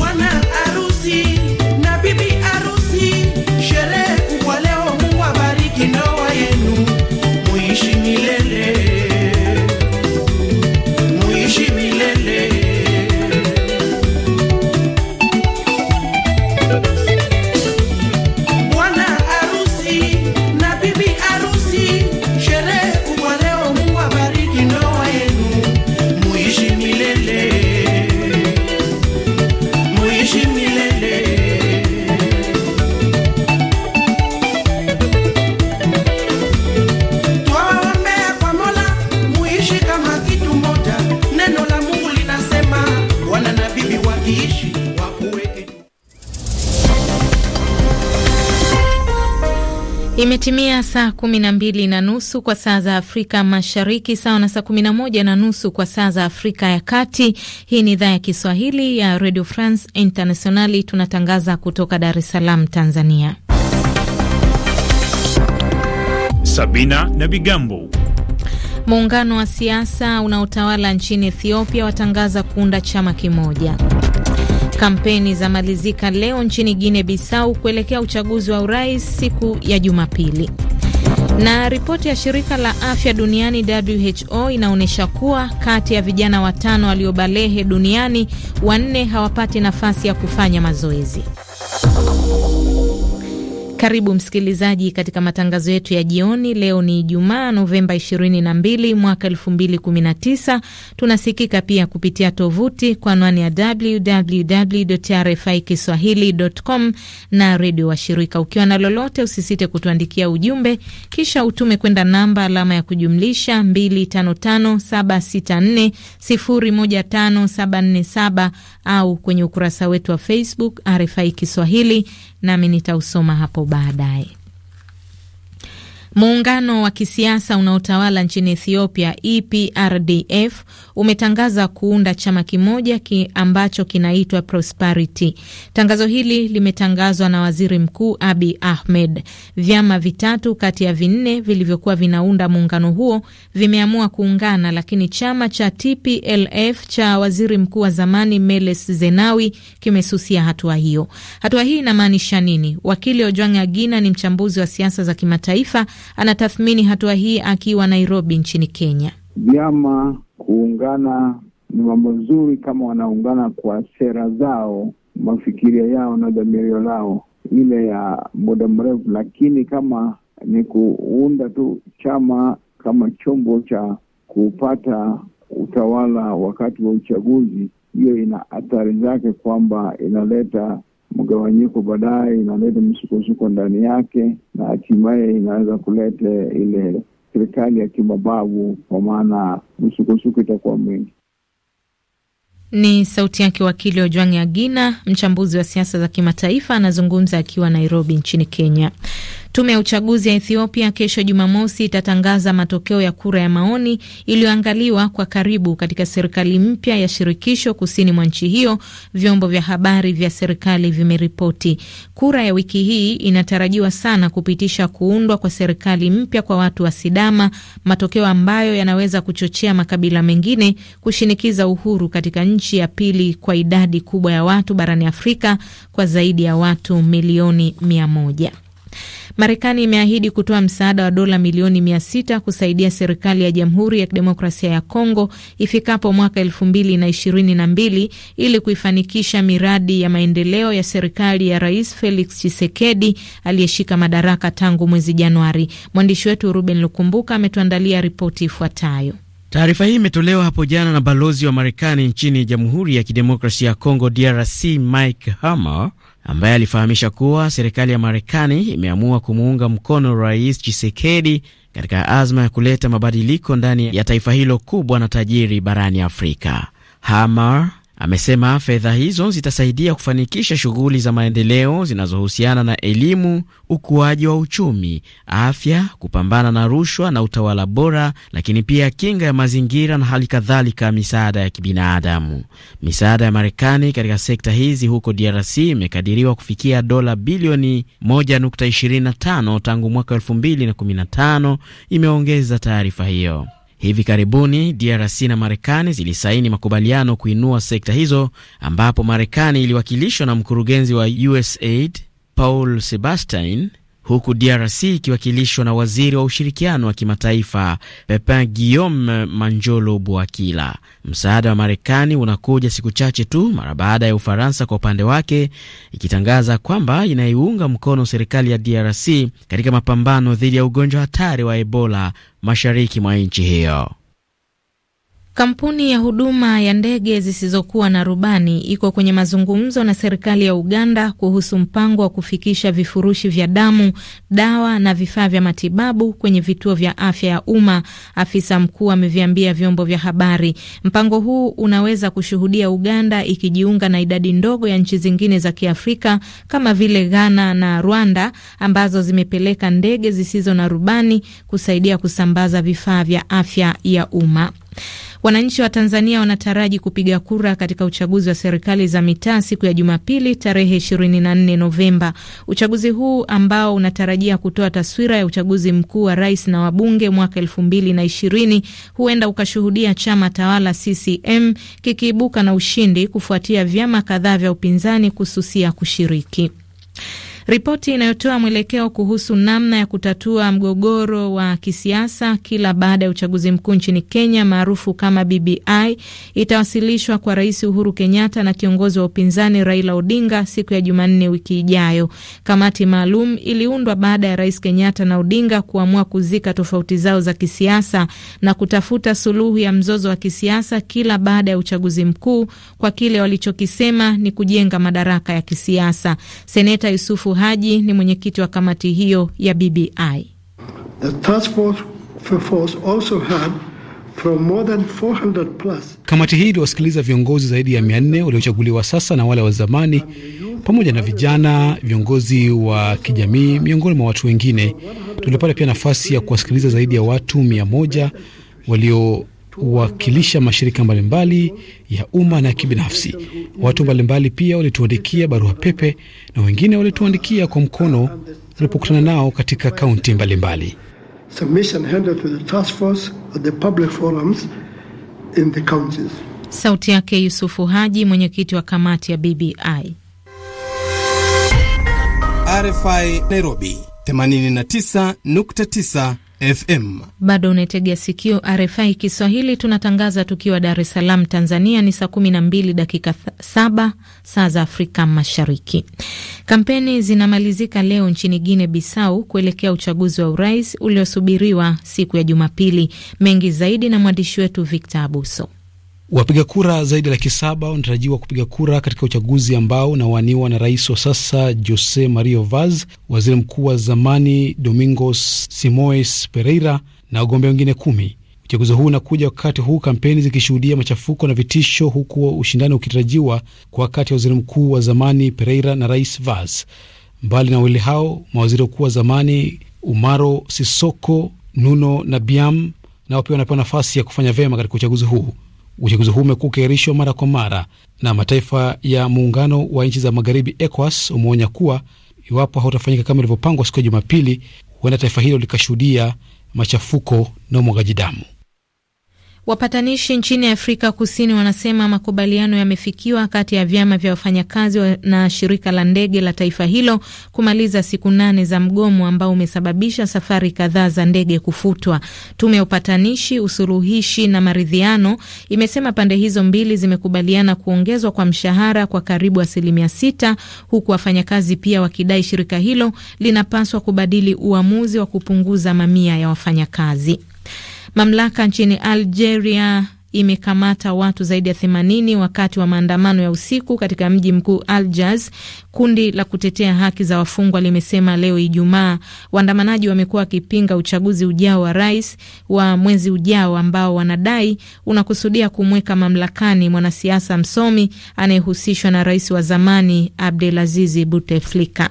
Imetimia saa kumi na mbili na nusu kwa saa za Afrika Mashariki, sawa na saa kumi na moja na nusu kwa saa za Afrika ya Kati. Hii ni idhaa ya Kiswahili ya Radio France Internationali, tunatangaza kutoka Dar es Salaam, Tanzania. Sabina na Bigambo. Muungano wa siasa unaotawala nchini Ethiopia watangaza kuunda chama kimoja. Kampeni za malizika leo nchini guine Bissau kuelekea uchaguzi wa urais siku ya Jumapili. Na ripoti ya shirika la afya duniani WHO inaonyesha kuwa kati ya vijana watano waliobalehe duniani wanne hawapati nafasi ya kufanya mazoezi. Karibu msikilizaji katika matangazo yetu ya jioni. Leo ni Ijumaa, Novemba 22 mwaka 2019. Tunasikika pia kupitia tovuti kwa anwani ya www RFI kiswahili.com na redio washirika. Ukiwa na lolote, usisite kutuandikia ujumbe, kisha utume kwenda namba alama ya kujumlisha 255764015747 au kwenye ukurasa wetu wa Facebook RFI Kiswahili, nami nitausoma hapo baadaye. Muungano wa kisiasa unaotawala nchini Ethiopia, EPRDF, umetangaza kuunda chama kimoja ki ambacho kinaitwa Prosperity. Tangazo hili limetangazwa na waziri mkuu Abi Ahmed. Vyama vitatu kati ya vinne vilivyokuwa vinaunda muungano huo vimeamua kuungana, lakini chama cha TPLF cha waziri mkuu wa zamani Meles Zenawi kimesusia hatua hiyo. Hatua hii inamaanisha nini? Wakili Ojwang Agina ni mchambuzi wa siasa za kimataifa anatathmini hatua hii akiwa Nairobi nchini Kenya. Vyama kuungana ni mambo nzuri kama wanaungana kwa sera zao, mafikiria yao na dhamirio lao ile ya muda mrefu, lakini kama ni kuunda tu chama kama chombo cha kupata utawala wakati wa uchaguzi, hiyo ina athari zake kwamba inaleta mgawanyiko baadaye inaleta msukosuko ndani yake, na hatimaye inaweza kuleta ile serikali ya kimabavu, kwa maana msukosuko itakuwa mwingi. Ni sauti yake wakili Ojwang Agina, mchambuzi wa siasa za kimataifa, anazungumza akiwa Nairobi nchini Kenya. Tume ya uchaguzi ya Ethiopia kesho Jumamosi itatangaza matokeo ya kura ya maoni iliyoangaliwa kwa karibu katika serikali mpya ya shirikisho kusini mwa nchi hiyo, vyombo vya habari vya serikali vimeripoti. Kura ya wiki hii inatarajiwa sana kupitisha kuundwa kwa serikali mpya kwa watu wa Sidama, matokeo ambayo yanaweza kuchochea makabila mengine kushinikiza uhuru katika nchi ya pili kwa idadi kubwa ya watu barani Afrika kwa zaidi ya watu milioni mia moja. Marekani imeahidi kutoa msaada wa dola milioni mia sita kusaidia serikali ya Jamhuri ya Kidemokrasia ya Kongo ifikapo mwaka elfu mbili na ishirini na mbili ili kuifanikisha miradi ya maendeleo ya serikali ya Rais Felix Tshisekedi aliyeshika madaraka tangu mwezi Januari. Mwandishi wetu Ruben Lukumbuka ametuandalia ripoti ifuatayo. Taarifa hii imetolewa hapo jana na balozi wa Marekani nchini Jamhuri ya Kidemokrasia ya Kongo, DRC, Mike Hammer ambaye alifahamisha kuwa serikali ya Marekani imeamua kumuunga mkono Rais chisekedi katika azma ya kuleta mabadiliko ndani ya taifa hilo kubwa na tajiri barani Afrika. Hamar Amesema fedha hizo zitasaidia kufanikisha shughuli za maendeleo zinazohusiana na elimu, ukuaji wa uchumi, afya, kupambana na rushwa na utawala bora, lakini pia kinga ya mazingira na hali kadhalika misaada ya kibinadamu. Misaada ya Marekani katika sekta hizi huko DRC imekadiriwa kufikia dola bilioni 1.25 tangu mwaka 2015, imeongeza taarifa hiyo. Hivi karibuni DRC na Marekani zilisaini makubaliano kuinua sekta hizo, ambapo Marekani iliwakilishwa na mkurugenzi wa USAID Paul Sebastian huku DRC ikiwakilishwa na waziri wa ushirikiano wa kimataifa Pepin Guillaume Manjolo Bwakila. Msaada wa Marekani unakuja siku chache tu mara baada ya Ufaransa kwa upande wake ikitangaza kwamba inaiunga mkono serikali ya DRC katika mapambano dhidi ya ugonjwa hatari wa Ebola mashariki mwa nchi hiyo. Kampuni ya huduma ya ndege zisizokuwa na rubani iko kwenye mazungumzo na serikali ya Uganda kuhusu mpango wa kufikisha vifurushi vya damu, dawa na vifaa vya matibabu kwenye vituo vya afya ya umma, afisa mkuu ameviambia vyombo vya habari. Mpango huu unaweza kushuhudia Uganda ikijiunga na idadi ndogo ya nchi zingine za Kiafrika kama vile Ghana na Rwanda ambazo zimepeleka ndege zisizo na rubani kusaidia kusambaza vifaa vya afya ya umma. Wananchi wa Tanzania wanataraji kupiga kura katika uchaguzi wa serikali za mitaa siku ya Jumapili tarehe 24 Novemba. Uchaguzi huu ambao unatarajia kutoa taswira ya uchaguzi mkuu wa rais na wabunge mwaka 2020 huenda ukashuhudia chama tawala CCM kikiibuka na ushindi kufuatia vyama kadhaa vya upinzani kususia kushiriki ripoti inayotoa mwelekeo kuhusu namna ya kutatua mgogoro wa kisiasa kila baada ya uchaguzi mkuu nchini Kenya maarufu kama BBI itawasilishwa kwa Rais Uhuru Kenyatta na kiongozi wa upinzani Raila Odinga siku ya Jumanne wiki ijayo. Kamati maalum iliundwa baada ya Rais Kenyatta na Odinga kuamua kuzika tofauti zao za kisiasa na kutafuta suluhu ya mzozo wa kisiasa kila baada ya uchaguzi mkuu kwa kile walichokisema ni kujenga madaraka ya kisiasa. Seneta Yusufu Haji ni mwenyekiti wa kamati hiyo ya BBI. The task force also had from more than 400 plus. Kamati hii iliwasikiliza viongozi zaidi ya 400 waliochaguliwa sasa na wale wa zamani pamoja na vijana, viongozi wa kijamii, miongoni mwa watu wengine. Tulipata pia nafasi ya kuwasikiliza zaidi ya watu 100 walio kuwakilisha mashirika mbalimbali ya umma na kibinafsi. Watu mbalimbali pia walituandikia barua pepe na wengine walituandikia kwa mkono tulipokutana nao katika kaunti mbalimbali. Sauti yake Yusufu Haji, mwenyekiti wa kamati ya BBI. RFI Nairobi 89.9 FM. Bado unaitegea sikio RFI Kiswahili, tunatangaza tukiwa Dar es Salaam, Tanzania. Ni saa mbili dakika saba saa za Afrika Mashariki. Kampeni zinamalizika leo nchini Guinea Bissau kuelekea uchaguzi wa urais uliosubiriwa siku ya Jumapili. Mengi zaidi na mwandishi wetu Victor Abuso. Wapiga kura zaidi ya laki saba wanatarajiwa kupiga kura katika uchaguzi ambao unawaniwa na rais wa sasa Jose Mario Vaz, waziri mkuu wa zamani Domingos Simoes Pereira na wagombea wengine kumi. Uchaguzi huu unakuja wakati huu kampeni zikishuhudia machafuko na vitisho, huku ushindani ukitarajiwa kwa kati ya waziri mkuu wa zamani Pereira na rais Vaz. Mbali na wawili hao, mawaziri wakuu wa zamani Umaro Sisoko, Nuno na biam nao pia wanapewa nafasi ya kufanya vyema katika uchaguzi huu. Uchaguzi huu umekuwa ukiahirishwa mara kwa mara, na mataifa ya muungano wa nchi za magharibi ECOWAS umeonya kuwa iwapo hautafanyika kama ilivyopangwa siku ya Jumapili, huenda taifa hilo likashuhudia machafuko na umwagaji damu. Wapatanishi nchini Afrika Kusini wanasema makubaliano yamefikiwa kati ya vyama vya wafanyakazi na shirika la ndege la taifa hilo kumaliza siku nane za mgomo ambao umesababisha safari kadhaa za ndege kufutwa. Tume ya upatanishi, usuluhishi na maridhiano imesema pande hizo mbili zimekubaliana kuongezwa kwa mshahara kwa karibu asilimia sita, huku wafanyakazi pia wakidai shirika hilo linapaswa kubadili uamuzi wa kupunguza mamia ya wafanyakazi. Mamlaka nchini Algeria imekamata watu zaidi ya themanini wakati wa maandamano ya usiku katika mji mkuu Aljaz. Kundi la kutetea haki za wafungwa limesema leo Ijumaa waandamanaji wamekuwa wakipinga uchaguzi ujao wa rais wa mwezi ujao ambao wanadai unakusudia kumweka mamlakani mwanasiasa msomi anayehusishwa na rais wa zamani Abdelaziz Buteflika.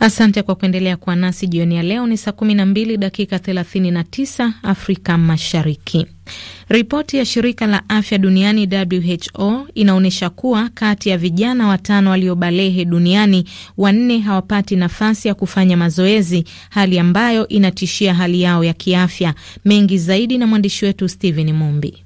Asante kwa kuendelea kuwa nasi jioni ya leo. Ni saa 12 dakika 39 Afrika Mashariki. Ripoti ya shirika la afya duniani WHO inaonyesha kuwa kati ya vijana watano waliobalehe duniani, wanne hawapati nafasi ya kufanya mazoezi, hali ambayo inatishia hali yao ya kiafya. Mengi zaidi na mwandishi wetu Steven Mumbi.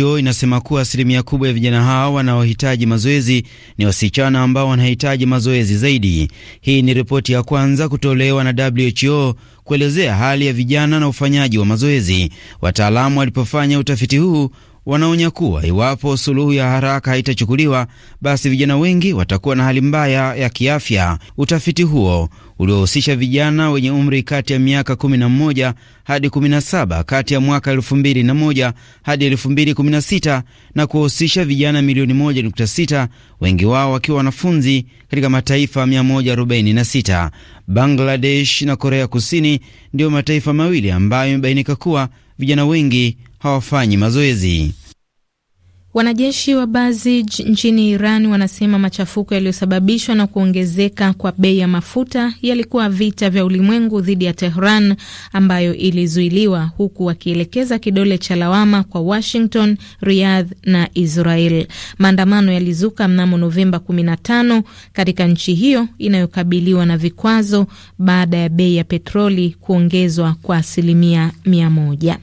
WHO inasema kuwa asilimia kubwa ya vijana hao wanaohitaji mazoezi ni wasichana ambao wanahitaji mazoezi zaidi. Hii ni ripoti ya kwanza kutolewa na WHO kuelezea hali ya vijana na ufanyaji wa mazoezi. Wataalamu walipofanya utafiti huu wanaonya kuwa iwapo suluhu ya haraka haitachukuliwa, basi vijana wengi watakuwa na hali mbaya ya kiafya. Utafiti huo uliohusisha vijana wenye umri kati ya miaka 11 hadi 17 kati ya mwaka 2001 hadi 2016 na kuwahusisha vijana milioni 1.6, wengi wao wakiwa wanafunzi katika mataifa 146. Bangladesh na Korea Kusini ndiyo mataifa mawili ambayo imebainika kuwa vijana wengi hawafanyi mazoezi. Wanajeshi wa Bazij nchini Iran wanasema machafuko yaliyosababishwa na kuongezeka kwa bei ya mafuta yalikuwa vita vya ulimwengu dhidi ya Tehran ambayo ilizuiliwa, huku wakielekeza kidole cha lawama kwa Washington, Riyadh na Israel. Maandamano yalizuka mnamo Novemba 15 katika nchi hiyo inayokabiliwa na vikwazo baada ya bei ya petroli kuongezwa kwa asilimia mia moja.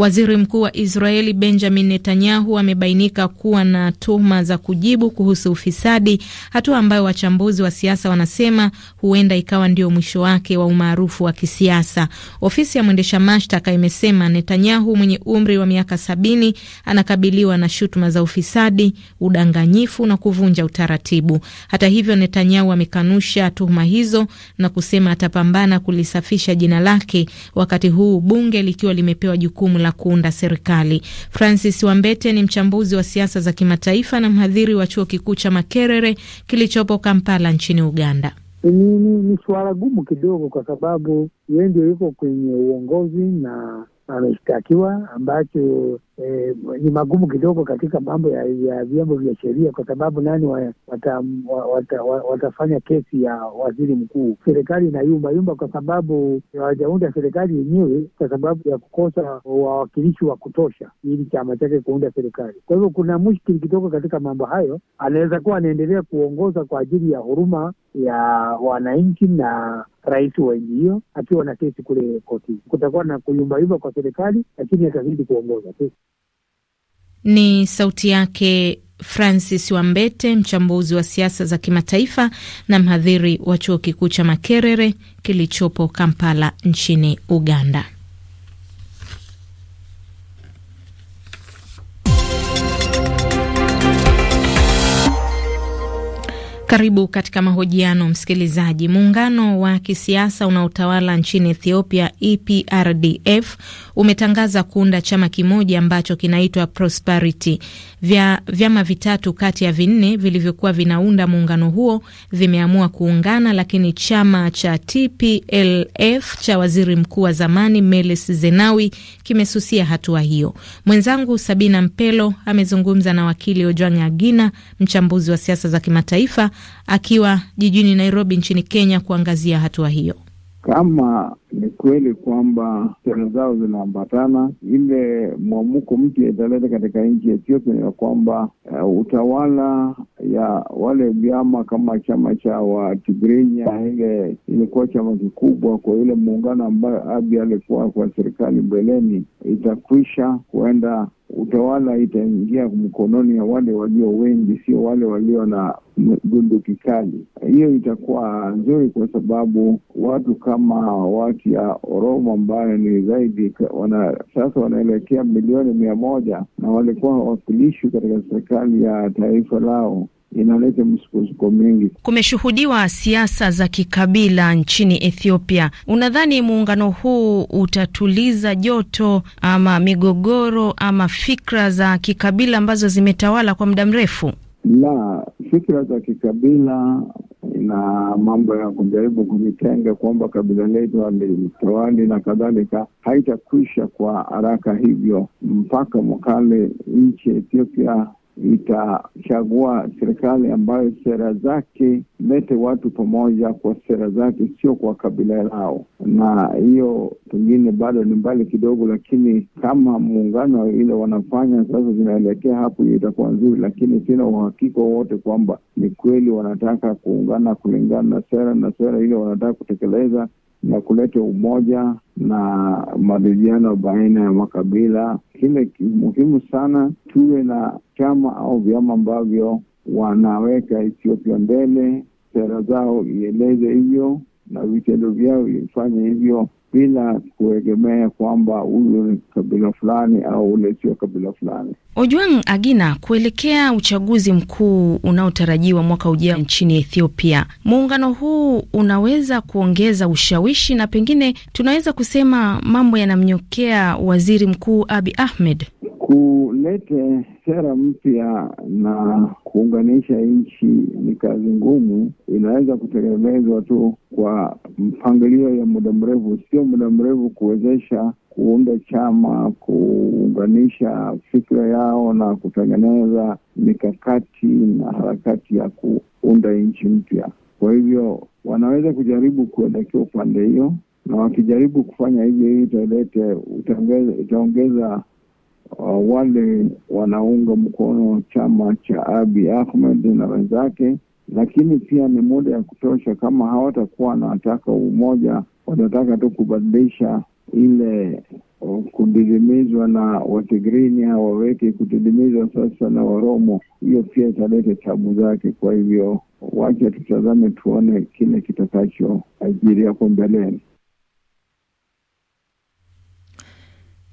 Waziri mkuu wa Israeli Benjamin Netanyahu amebainika kuwa na tuhuma za kujibu kuhusu ufisadi, hatua ambayo wachambuzi wa siasa wanasema huenda ikawa ndio mwisho wake wa umaarufu wa kisiasa. Ofisi ya mwendesha mashtaka imesema Netanyahu mwenye umri wa miaka sabini anakabiliwa na shutuma za ufisadi, udanganyifu na kuvunja utaratibu. Hata hivyo, Netanyahu amekanusha tuhuma hizo na kusema atapambana kulisafisha jina lake, wakati huu bunge likiwa limepewa jukumu la na kuunda serikali. Francis Wambete ni mchambuzi wa siasa za kimataifa na mhadhiri wa chuo kikuu cha Makerere kilichopo Kampala nchini Uganda. Ni, ni, ni suala gumu kidogo kwa sababu yeye ndio yuko kwenye uongozi na ameshtakiwa ambacho eh, ni magumu kidogo katika mambo ya, ya vyombo vya sheria kwa sababu nani wa, wata, wata, wata, watafanya kesi ya waziri mkuu. Serikali inayumbayumba kwa sababu hawajaunda serikali yenyewe kwa sababu ya kukosa wawakilishi wa kutosha ili chama chake kuunda serikali. Kwa hivyo kuna mushkili kidogo katika mambo hayo. Anaweza kuwa anaendelea kuongoza kwa ajili ya huruma ya wananchi na rais wa nchi hiyo akiwa na kesi kule kotini. Kutakuwa na kuyumbayumba kwa serikali, lakini atazidi kuongoza tu. Ni sauti yake Francis Wambete, mchambuzi wa siasa za kimataifa na mhadhiri wa chuo kikuu cha Makerere kilichopo Kampala nchini Uganda. Karibu katika mahojiano msikilizaji. Muungano wa kisiasa unaotawala nchini Ethiopia, EPRDF, umetangaza kuunda chama kimoja ambacho kinaitwa Prosperity. Vya, vyama vitatu kati ya vinne vilivyokuwa vinaunda muungano huo vimeamua kuungana, lakini chama cha TPLF cha waziri mkuu wa zamani Meles Zenawi kimesusia hatua hiyo. Mwenzangu Sabina Mpelo amezungumza na wakili Ojwang' Agina, mchambuzi wa siasa za kimataifa akiwa jijini Nairobi nchini Kenya kuangazia hatua hiyo. Kama ni kweli kwamba sera zao zinaambatana, ile mwamuko mpya italeta katika nchi ya Ethiopia ni kwamba uh, utawala ya wale vyama kama chama cha Watigrinya ile ilikuwa chama kikubwa kwa ile muungano ambayo Abiy alikuwa kwa serikali mbeleni itakwisha, huenda utawala itaingia mkononi ya wale walio wengi, sio wale walio na gundukisaji. Hiyo itakuwa nzuri kwa sababu watu kama watu ya Oromo ambayo ni zaidi wana, sasa wanaelekea milioni mia moja na walikuwa wawakilishi katika serikali ya taifa lao inaleta msukosuko mingi. Kumeshuhudiwa siasa za kikabila nchini Ethiopia. Unadhani muungano huu utatuliza joto ama migogoro ama fikra za kikabila ambazo zimetawala kwa muda mrefu? La, fikira za kikabila na mambo ya kujaribu kujitenga kwamba kabila letu halitawali na kadhalika, haitakwisha kwa haraka hivyo mpaka mwakale nchi Ethiopia itachagua serikali ambayo sera zake lete watu pamoja kwa sera zake, sio kwa kabila lao. Na hiyo pengine bado ni mbali kidogo, lakini kama muungano ile wanafanya sasa zinaelekea hapo, hiyo itakuwa nzuri, lakini sina uhakika wowote kwamba ni kweli wanataka kuungana kulingana na sera na sera ile wanataka kutekeleza na kuleta umoja na maridhiano baina ya makabila. Kile muhimu sana, tuwe na chama au vyama ambavyo wanaweka Ethiopia mbele, sera zao ieleze hivyo na vitendo vyao ifanye hivyo bila kuegemea kwamba huyu ni kabila fulani au ule sio kabila fulani. Ojwang Agina, kuelekea uchaguzi mkuu unaotarajiwa mwaka ujao nchini Ethiopia, muungano huu unaweza kuongeza ushawishi na pengine tunaweza kusema mambo yanamnyokea waziri mkuu Abi Ahmed kulete sera mpya na kuunganisha nchi ni kazi ngumu, inaweza kutekelezwa tu kwa mpangilio ya muda mrefu, sio muda mrefu kuwezesha kuunda chama, kuunganisha fikra yao na kutengeneza mikakati na harakati ya kuunda nchi mpya. Kwa hivyo wanaweza kujaribu kuelekea upande hiyo, na wakijaribu kufanya hivyo, hii italete itaongeza Uh, wale wanaunga mkono chama cha Abi Ahmed na wenzake, lakini pia ni muda ya kutosha. Kama hawatakuwa wanataka umoja, wanataka tu kubadilisha ile uh, kudidimizwa na Watigrini, hawaweki kudidimizwa sasa na Waromo. Hiyo pia italeta tabu zake. Kwa hivyo, wacha tutazame tuone kile kitakachoajiria hapo mbeleni.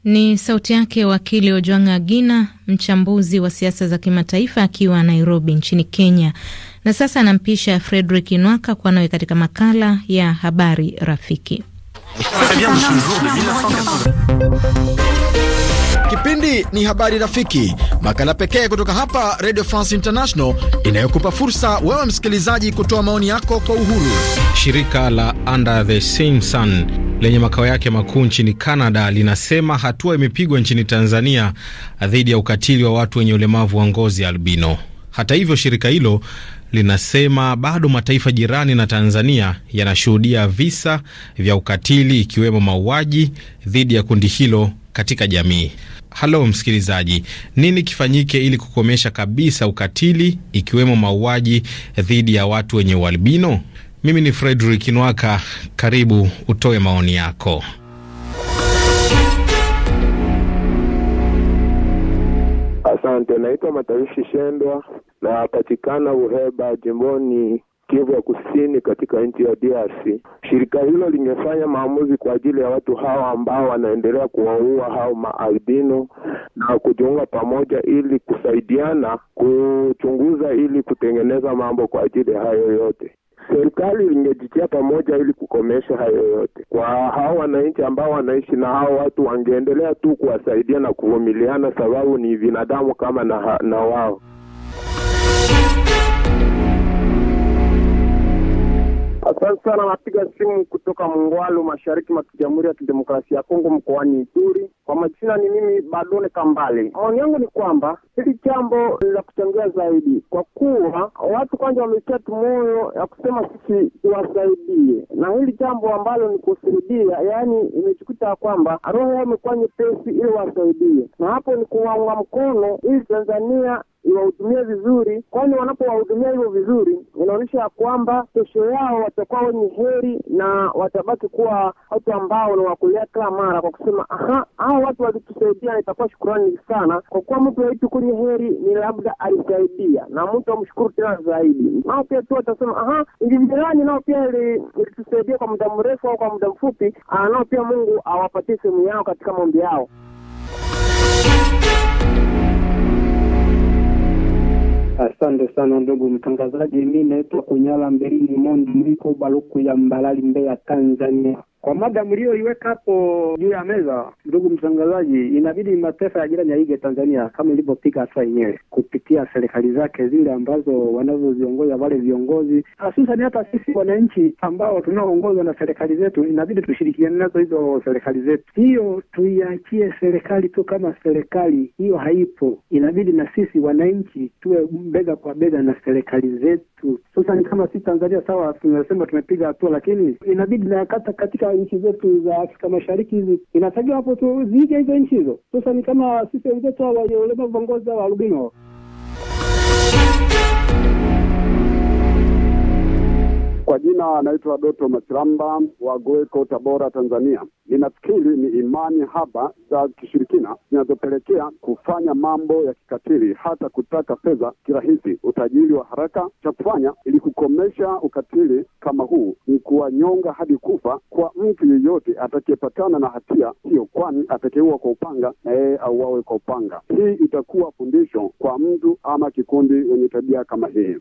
Ni sauti yake wakili Ojwanga gina mchambuzi wa siasa za kimataifa akiwa Nairobi nchini Kenya. Na sasa anampisha Fredrik Inwaka kwa nawe katika makala ya habari rafiki Kipindi ni Habari Rafiki, makala pekee kutoka hapa Radio France International inayokupa fursa wewe msikilizaji kutoa maoni yako kwa uhuru. Shirika la Under the Same Sun lenye makao yake makuu nchini Canada linasema hatua imepigwa nchini Tanzania dhidi ya ukatili wa watu wenye ulemavu wa ngozi albino. Hata hivyo, shirika hilo linasema bado mataifa jirani na Tanzania yanashuhudia visa vya ukatili ikiwemo mauaji dhidi ya kundi hilo katika jamii. Halo msikilizaji, nini kifanyike ili kukomesha kabisa ukatili ikiwemo mauaji dhidi ya watu wenye ualbino? Mimi ni Fredrick Nwaka, karibu utoe maoni yako. Asante, naitwa matarishi Shendwa, napatikana Uheba, jimboni Kivu ya Kusini katika nchi ya DRC. Shirika hilo limefanya maamuzi kwa ajili ya watu hawa ambao wanaendelea kuwaua hao maalbino na kujiunga pamoja ili kusaidiana kuchunguza ili kutengeneza mambo kwa ajili ya hayo yote. Serikali ingejitia pamoja ili kukomesha hayo yote. Kwa hao wananchi ambao wanaishi na hao watu, wangeendelea tu kuwasaidia na kuvumiliana, sababu ni binadamu kama na, na wao. Asante sana, napiga simu kutoka Mungwalu, mashariki mwa Jamhuri ya Kidemokrasia ya Kongo, mkoani Ituri. Kwa majina ni mimi Badone Kambale. Maoni yangu ni kwamba hili jambo la kuchangia zaidi, kwa kuwa watu kwanza wametia tumoyo ya kusema sisi tuwasaidie, na hili jambo ambalo ni kusaidia yaani imejikuta kwamba roho yao imekuwa nyepesi ili wasaidie, na hapo ni kuwaunga mkono ili Tanzania iwahudumie vizuri, kwani wanapowahudumia hivyo vizuri, inaonyesha ya kwamba kesho yao watakuwa wenye heri na watabaki kuwa watu ambao ni wakulia kila mara kwa kusema aha, hao watu walitusaidia, na itakuwa shukurani sana kwa kuwa mtu aitu kwenye heri ni labda alisaidia, na mtu amshukuru tena zaidi. Nao pia tu watasema aha, ili jirani nao pia ilitusaidia kwa muda mrefu au kwa muda mfupi, ah, nao pia Mungu awapatie sehemu yao katika maombi yao. Asante sana ndugu mtangazaji, mi naitwa Kunyala Mberini Mondi, niko Baluku ya Mbalali, Mbeya, Tanzania. Kwa mada mlioiweka hapo juu ya meza, ndugu mtangazaji, inabidi mataifa ya jirani yaige Tanzania kama ilivyopiga hatua yenyewe kupitia serikali zake zile ambazo wanazoziongoza wale viongozi, hususani hata sisi wananchi ambao tunaoongozwa na serikali zetu, inabidi tushirikiane nazo hizo serikali zetu. Hiyo tuiachie serikali tu, kama serikali hiyo haipo, inabidi na sisi wananchi tuwe bega kwa bega na serikali zetu, hususani kama si Tanzania. Sawa, tunasema tumepiga hatua, lakini inabidi na kata katika katika nchi zetu za Afrika Mashariki hizi, inatajwa hapo tu ziige hizo nchi hizo. Sasa ni kama sisi wenzetu wa ulemavu wa ngozi au albino. Kwa jina anaitwa Doto Masiramba wa Goeko, Tabora, Tanzania. Ninafikiri ni imani haba za kishirikina zinazopelekea kufanya mambo ya kikatili, hata kutaka fedha kirahisi, utajiri wa haraka. Cha kufanya ili kukomesha ukatili kama huu ni kuwanyonga hadi kufa kwa mtu yeyote atakayepatana na hatia hiyo, kwani atakeua kwa upanga na yeye auawe kwa upanga. Hii itakuwa fundisho kwa mtu ama kikundi wenye tabia kama hii.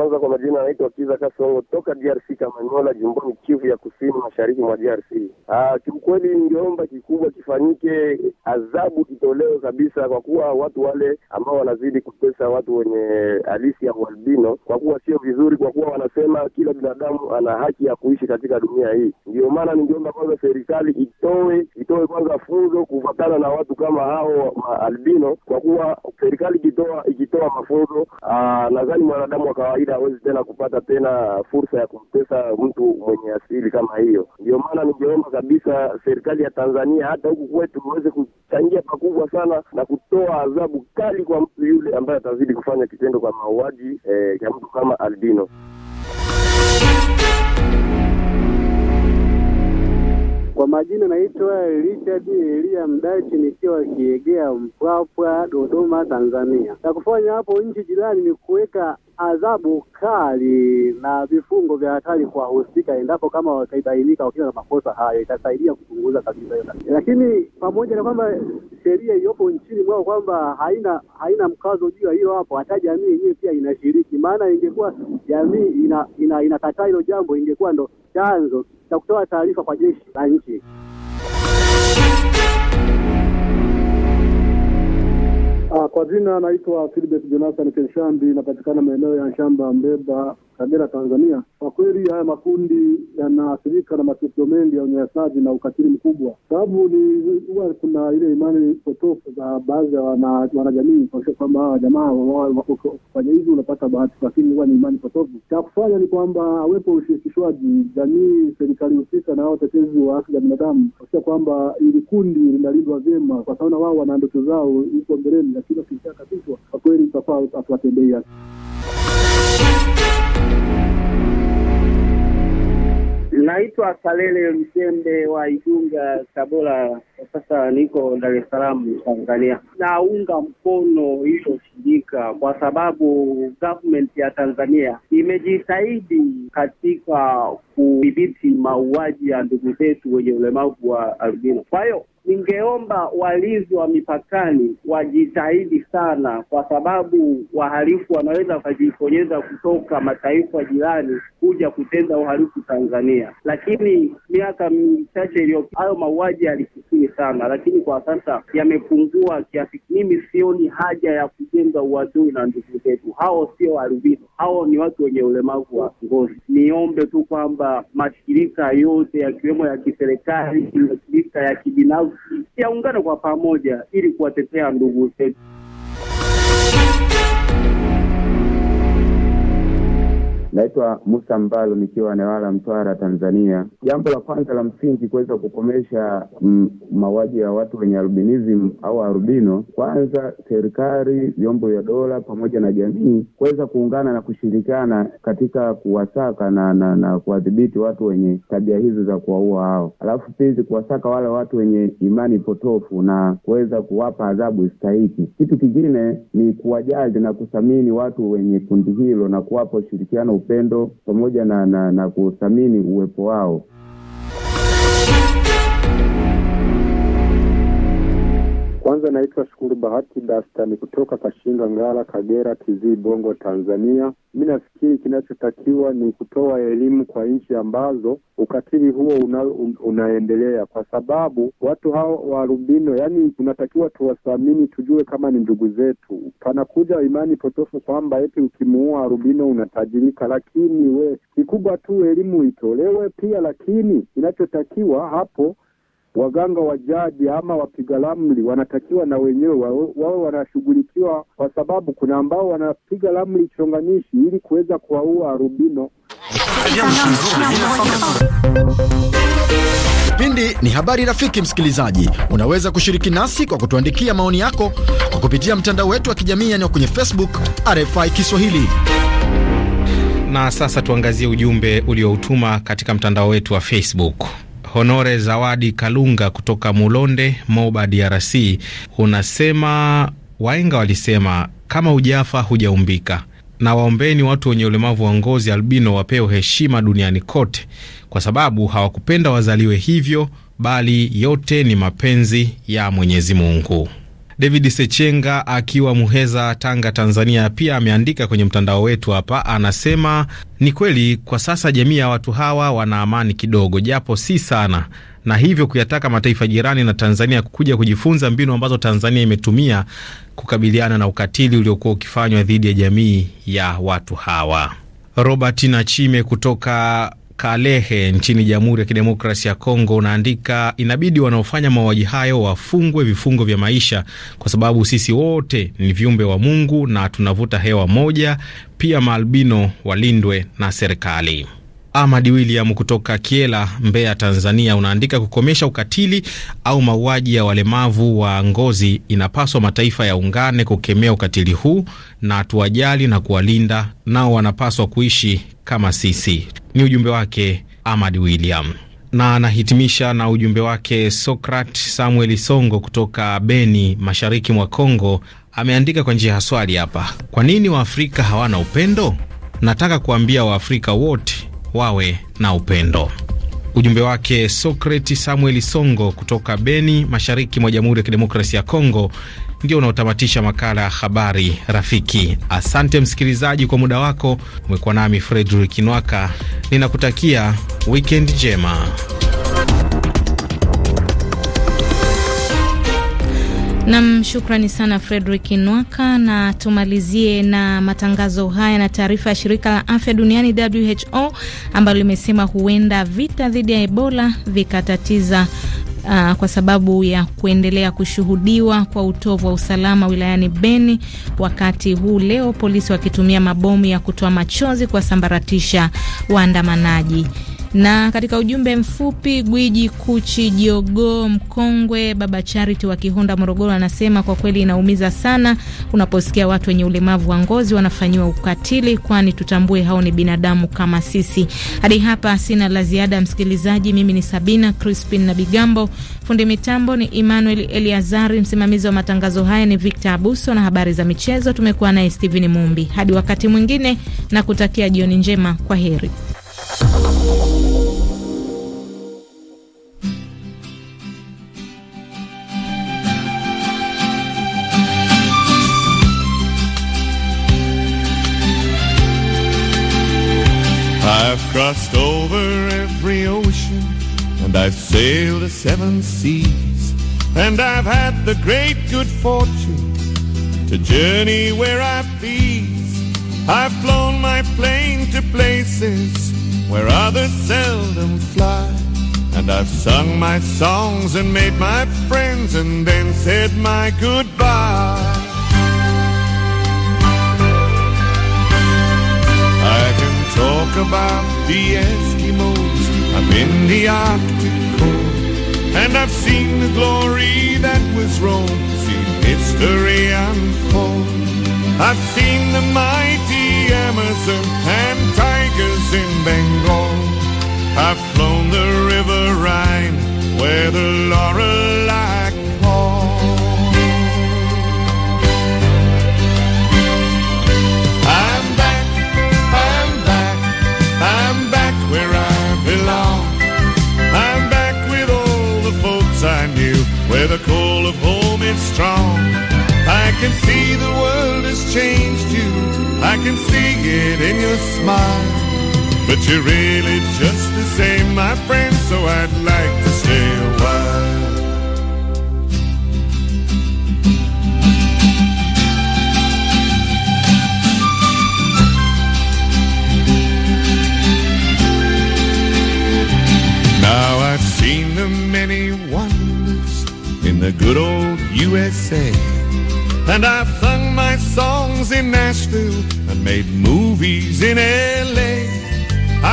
kwanza kwa majina anaitwa Kiza Kasongo toka DRC Kamanyola, jimboni Kivu ya kusini mashariki mwa DRC. Ah, kiukweli ningeomba kikubwa kifanyike, adhabu itolewe kabisa, kwa kuwa watu wale ambao wanazidi kutesa watu wenye halisi ya ualbino, kwa kuwa sio vizuri, kwa kuwa wanasema kila binadamu ana haki ya kuishi katika dunia hii. Ndiyo maana ningeomba kwanza serikali itoe itoe kwanza funzo kufatana na watu kama hao maalbino, kwa kuwa serikali ikitoa ikitoa mafunzo, ah, nadhani mwanadamu wa kawaida kawaida hawezi tena kupata tena fursa ya kumtesa mtu mwenye asili kama hiyo. Ndio maana ningeomba kabisa serikali ya Tanzania hata huku kwetu iweze kuchangia pakubwa sana na kutoa adhabu kali kwa mtu yule ambaye atazidi kufanya kitendo kwa mauaji eh, mtu kama albino. Kwa majina naitwa Richard Elia Mdachi, nikiwa Kiegea Mpwapwa, Dodoma, Tanzania. Na kufanya hapo nchi jirani ni kuweka adhabu kali na vifungo vya hatari kwa husika, endapo kama wataibainika wakiwa na makosa hayo, itasaidia kupunguza kabisa hiyo. Lakini pamoja na kwamba sheria iliyopo nchini mwao kwamba haina haina mkazo juu ya hilo hapo, hata jamii yenyewe pia inashiriki, maana ingekuwa jamii ina inakataa ina hilo jambo, ingekuwa ndo chanzo cha kutoa taarifa kwa jeshi la nchi. Ah, kwa jina naitwa Philbert Jonathan Kenshambi, napatikana maeneo ya shamba Mbeba, Kagera, Tanzania. Kwa kweli haya makundi yanaathirika na matukio mengi ya unyanyasaji na ukatili mkubwa. Sababu ni huwa kuna ile imani potofu za baadhi ya wanajamii kuonyesha kwamba hawa jamaa kufanya hivi unapata bahati, lakini huwa ni imani potofu. Cha kufanya ni kwamba awepo ushirikishwaji jamii, serikali husika na watetezi wa haki za binadamu kuhakikisha kwamba ili kundi linalindwa vyema, kwa sababu na wao wana ndoto zao huko mbeleni lakini wakitaka vichwa kwa kweli papa hatuwatendei Naitwa Kalele msembe wa Igunga, Tabora. Sasa niko Dar es Salaam, Tanzania. Naunga mkono hilo shirika kwa sababu government ya Tanzania imejitahidi katika kudhibiti mauaji ya ndugu zetu wenye ulemavu wa albino. Kwa hiyo Ningeomba walinzi wa mipakani wajitahidi sana, kwa sababu wahalifu wanaweza wakajiponyeza kutoka mataifa jirani kuja kutenda uhalifu Tanzania, lakini miaka michache iliyopita hayo mauaji yalisikii sana, lakini kwa sasa yamepungua kiasi. Mimi sioni haja ya kujenga uadui na ndugu zetu hao, sio albino, hao ni watu wenye ulemavu wa ngozi. Niombe tu kwamba mashirika yote yakiwemo ya kiserikali, mashirika ya kibinafsi yaungane kwa pamoja ili kuwatetea ndugu zetu. Naitwa Musa Mbalo nikiwa Newala, Mtwara, Tanzania. Jambo la kwanza la msingi kuweza kukomesha mm, mauaji ya watu wenye albinism au arubino, kwanza serikali, vyombo vya dola pamoja na jamii kuweza kuungana na kushirikiana katika kuwasaka na na, na kuwadhibiti watu wenye tabia hizo za kuwaua hao. Alafu pili, kuwasaka wale watu wenye imani potofu na kuweza kuwapa adhabu stahiki. Kitu kingine ni kuwajali na kuthamini watu wenye kundi hilo na kuwapa ushirikiano upendo pamoja na, na, na kuthamini uwepo wao. kwanza naitwa Shukuru Bahati Dastani kutoka Kashinga, Ngara, Kagera, Kizii, Bongo, Tanzania. Mi nafikiri kinachotakiwa ni kutoa elimu kwa nchi ambazo ukatili huo una, un, unaendelea, kwa sababu watu hao wa albino, yani tunatakiwa tuwathamini, tujue kama ni ndugu zetu. Panakuja imani potofu kwamba eti ukimuua albino unatajirika, lakini we kikubwa tu elimu itolewe pia, lakini kinachotakiwa hapo waganga wa jadi ama wapiga ramli wanatakiwa na wenyewe wawe, wanashughulikiwa, kwa sababu kuna ambao wanapiga ramli chonganishi ili kuweza kuwaua arubino. Kipindi ni habari rafiki. Msikilizaji, unaweza kushiriki nasi kwa kutuandikia maoni yako kwa kupitia mtandao wetu wa kijamii yani kwenye Facebook RFI Kiswahili. Na sasa tuangazie ujumbe ulioutuma katika mtandao wetu wa Facebook. Honore Zawadi Kalunga kutoka Mulonde, Moba, DRC, unasema waenga walisema kama hujafa hujaumbika, na waombeni watu wenye ulemavu wa ngozi albino wapewe heshima duniani kote, kwa sababu hawakupenda wazaliwe hivyo, bali yote ni mapenzi ya Mwenyezi Mungu. David Sechenga akiwa Muheza, Tanga, Tanzania, pia ameandika kwenye mtandao wetu hapa, anasema ni kweli kwa sasa jamii ya watu hawa wana amani kidogo, japo si sana, na hivyo kuyataka mataifa jirani na Tanzania kuja kujifunza mbinu ambazo Tanzania imetumia kukabiliana na ukatili uliokuwa ukifanywa dhidi ya jamii ya watu hawa. Robert Nachime kutoka Kalehe nchini Jamhuri ya Kidemokrasia ya Kongo unaandika, inabidi wanaofanya mauaji hayo wafungwe vifungo vya maisha, kwa sababu sisi wote ni viumbe wa Mungu na tunavuta hewa moja. Pia maalbino walindwe na serikali. Ahmad William kutoka Kiela, Mbeya, Tanzania, unaandika kukomesha ukatili au mauaji ya walemavu wa ngozi, inapaswa mataifa yaungane kukemea ukatili huu na tuwajali na kuwalinda, nao wanapaswa kuishi kama sisi. Ni ujumbe wake Ahmad William na anahitimisha na ujumbe wake. Sokrat Samuel Songo kutoka Beni, mashariki mwa Kongo, ameandika kwa njia ya swali hapa: kwa nini Waafrika hawana upendo? Nataka kuambia Waafrika wote wawe na upendo. Ujumbe wake Sokreti Samuel Songo kutoka Beni, mashariki mwa Jamhuri ya Kidemokrasia ya Kongo, ndio unaotamatisha makala ya Habari Rafiki. Asante msikilizaji kwa muda wako. Umekuwa nami Fredrik Nwaka, ninakutakia wikend njema. Nam, shukrani sana Fredrik Nwaka, na tumalizie na matangazo haya na taarifa ya shirika la afya duniani WHO ambalo limesema huenda vita dhidi ya Ebola vikatatiza Uh, kwa sababu ya kuendelea kushuhudiwa kwa utovu wa usalama wilayani Beni, wakati huu leo polisi wakitumia mabomu ya kutoa machozi kuwasambaratisha waandamanaji. Na katika ujumbe mfupi, Gwiji Kuchi jogo mkongwe baba Charity wa Kihonda, Morogoro, anasema kwa kweli inaumiza sana unaposikia watu wenye ulemavu wa ngozi wanafanyiwa ukatili, kwani tutambue hao ni binadamu kama sisi. Hadi hapa sina la ziada, msikilizaji. Mimi ni Sabina Crispin na Bigambo, fundi mitambo ni Emmanuel Eliazari, msimamizi wa matangazo haya ni Victor Abuso, na habari za michezo tumekuwa naye Steven Mumbi. Hadi wakati mwingine, na kutakia jioni njema, kwa heri. sailed the seven seas, and I've had the great good fortune to journey where I please. I've flown my plane to places where others seldom fly, and I've sung my songs and made my friends and then said my goodbye. I can talk about the Eskimos. I'm in the Arctic. And I've seen the glory that was Rome, seen history unfold. I've seen the mighty Amazon and tigers in Bengal. I've flown strong. I can see the world has changed you. I can see it in your smile. But you're really just the same, my friend, so I'd like to stay a while. Now I've seen the many wonders in the good old USA. And I've sung my songs in Nashville and made movies in LA.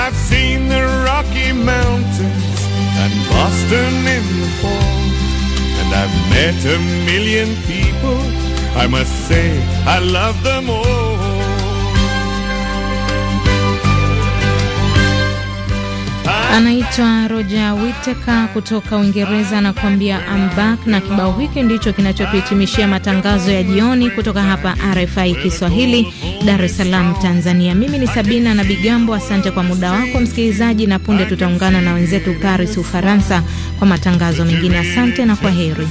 I've seen the Rocky Mountains and Boston in the fall. And I've met a million people. I must say, I love them all. Anaitwa Roger Whittaker kutoka Uingereza, anakuambia I'm back, na kibao hiki ndicho kinachotuhitimishia matangazo ya jioni kutoka hapa RFI Kiswahili, Dar es Salaam, Tanzania. Mimi ni Sabina na Bigambo, asante kwa muda wako msikilizaji, na punde tutaungana na wenzetu Paris, Ufaransa, kwa matangazo mengine. Asante na kwa heri.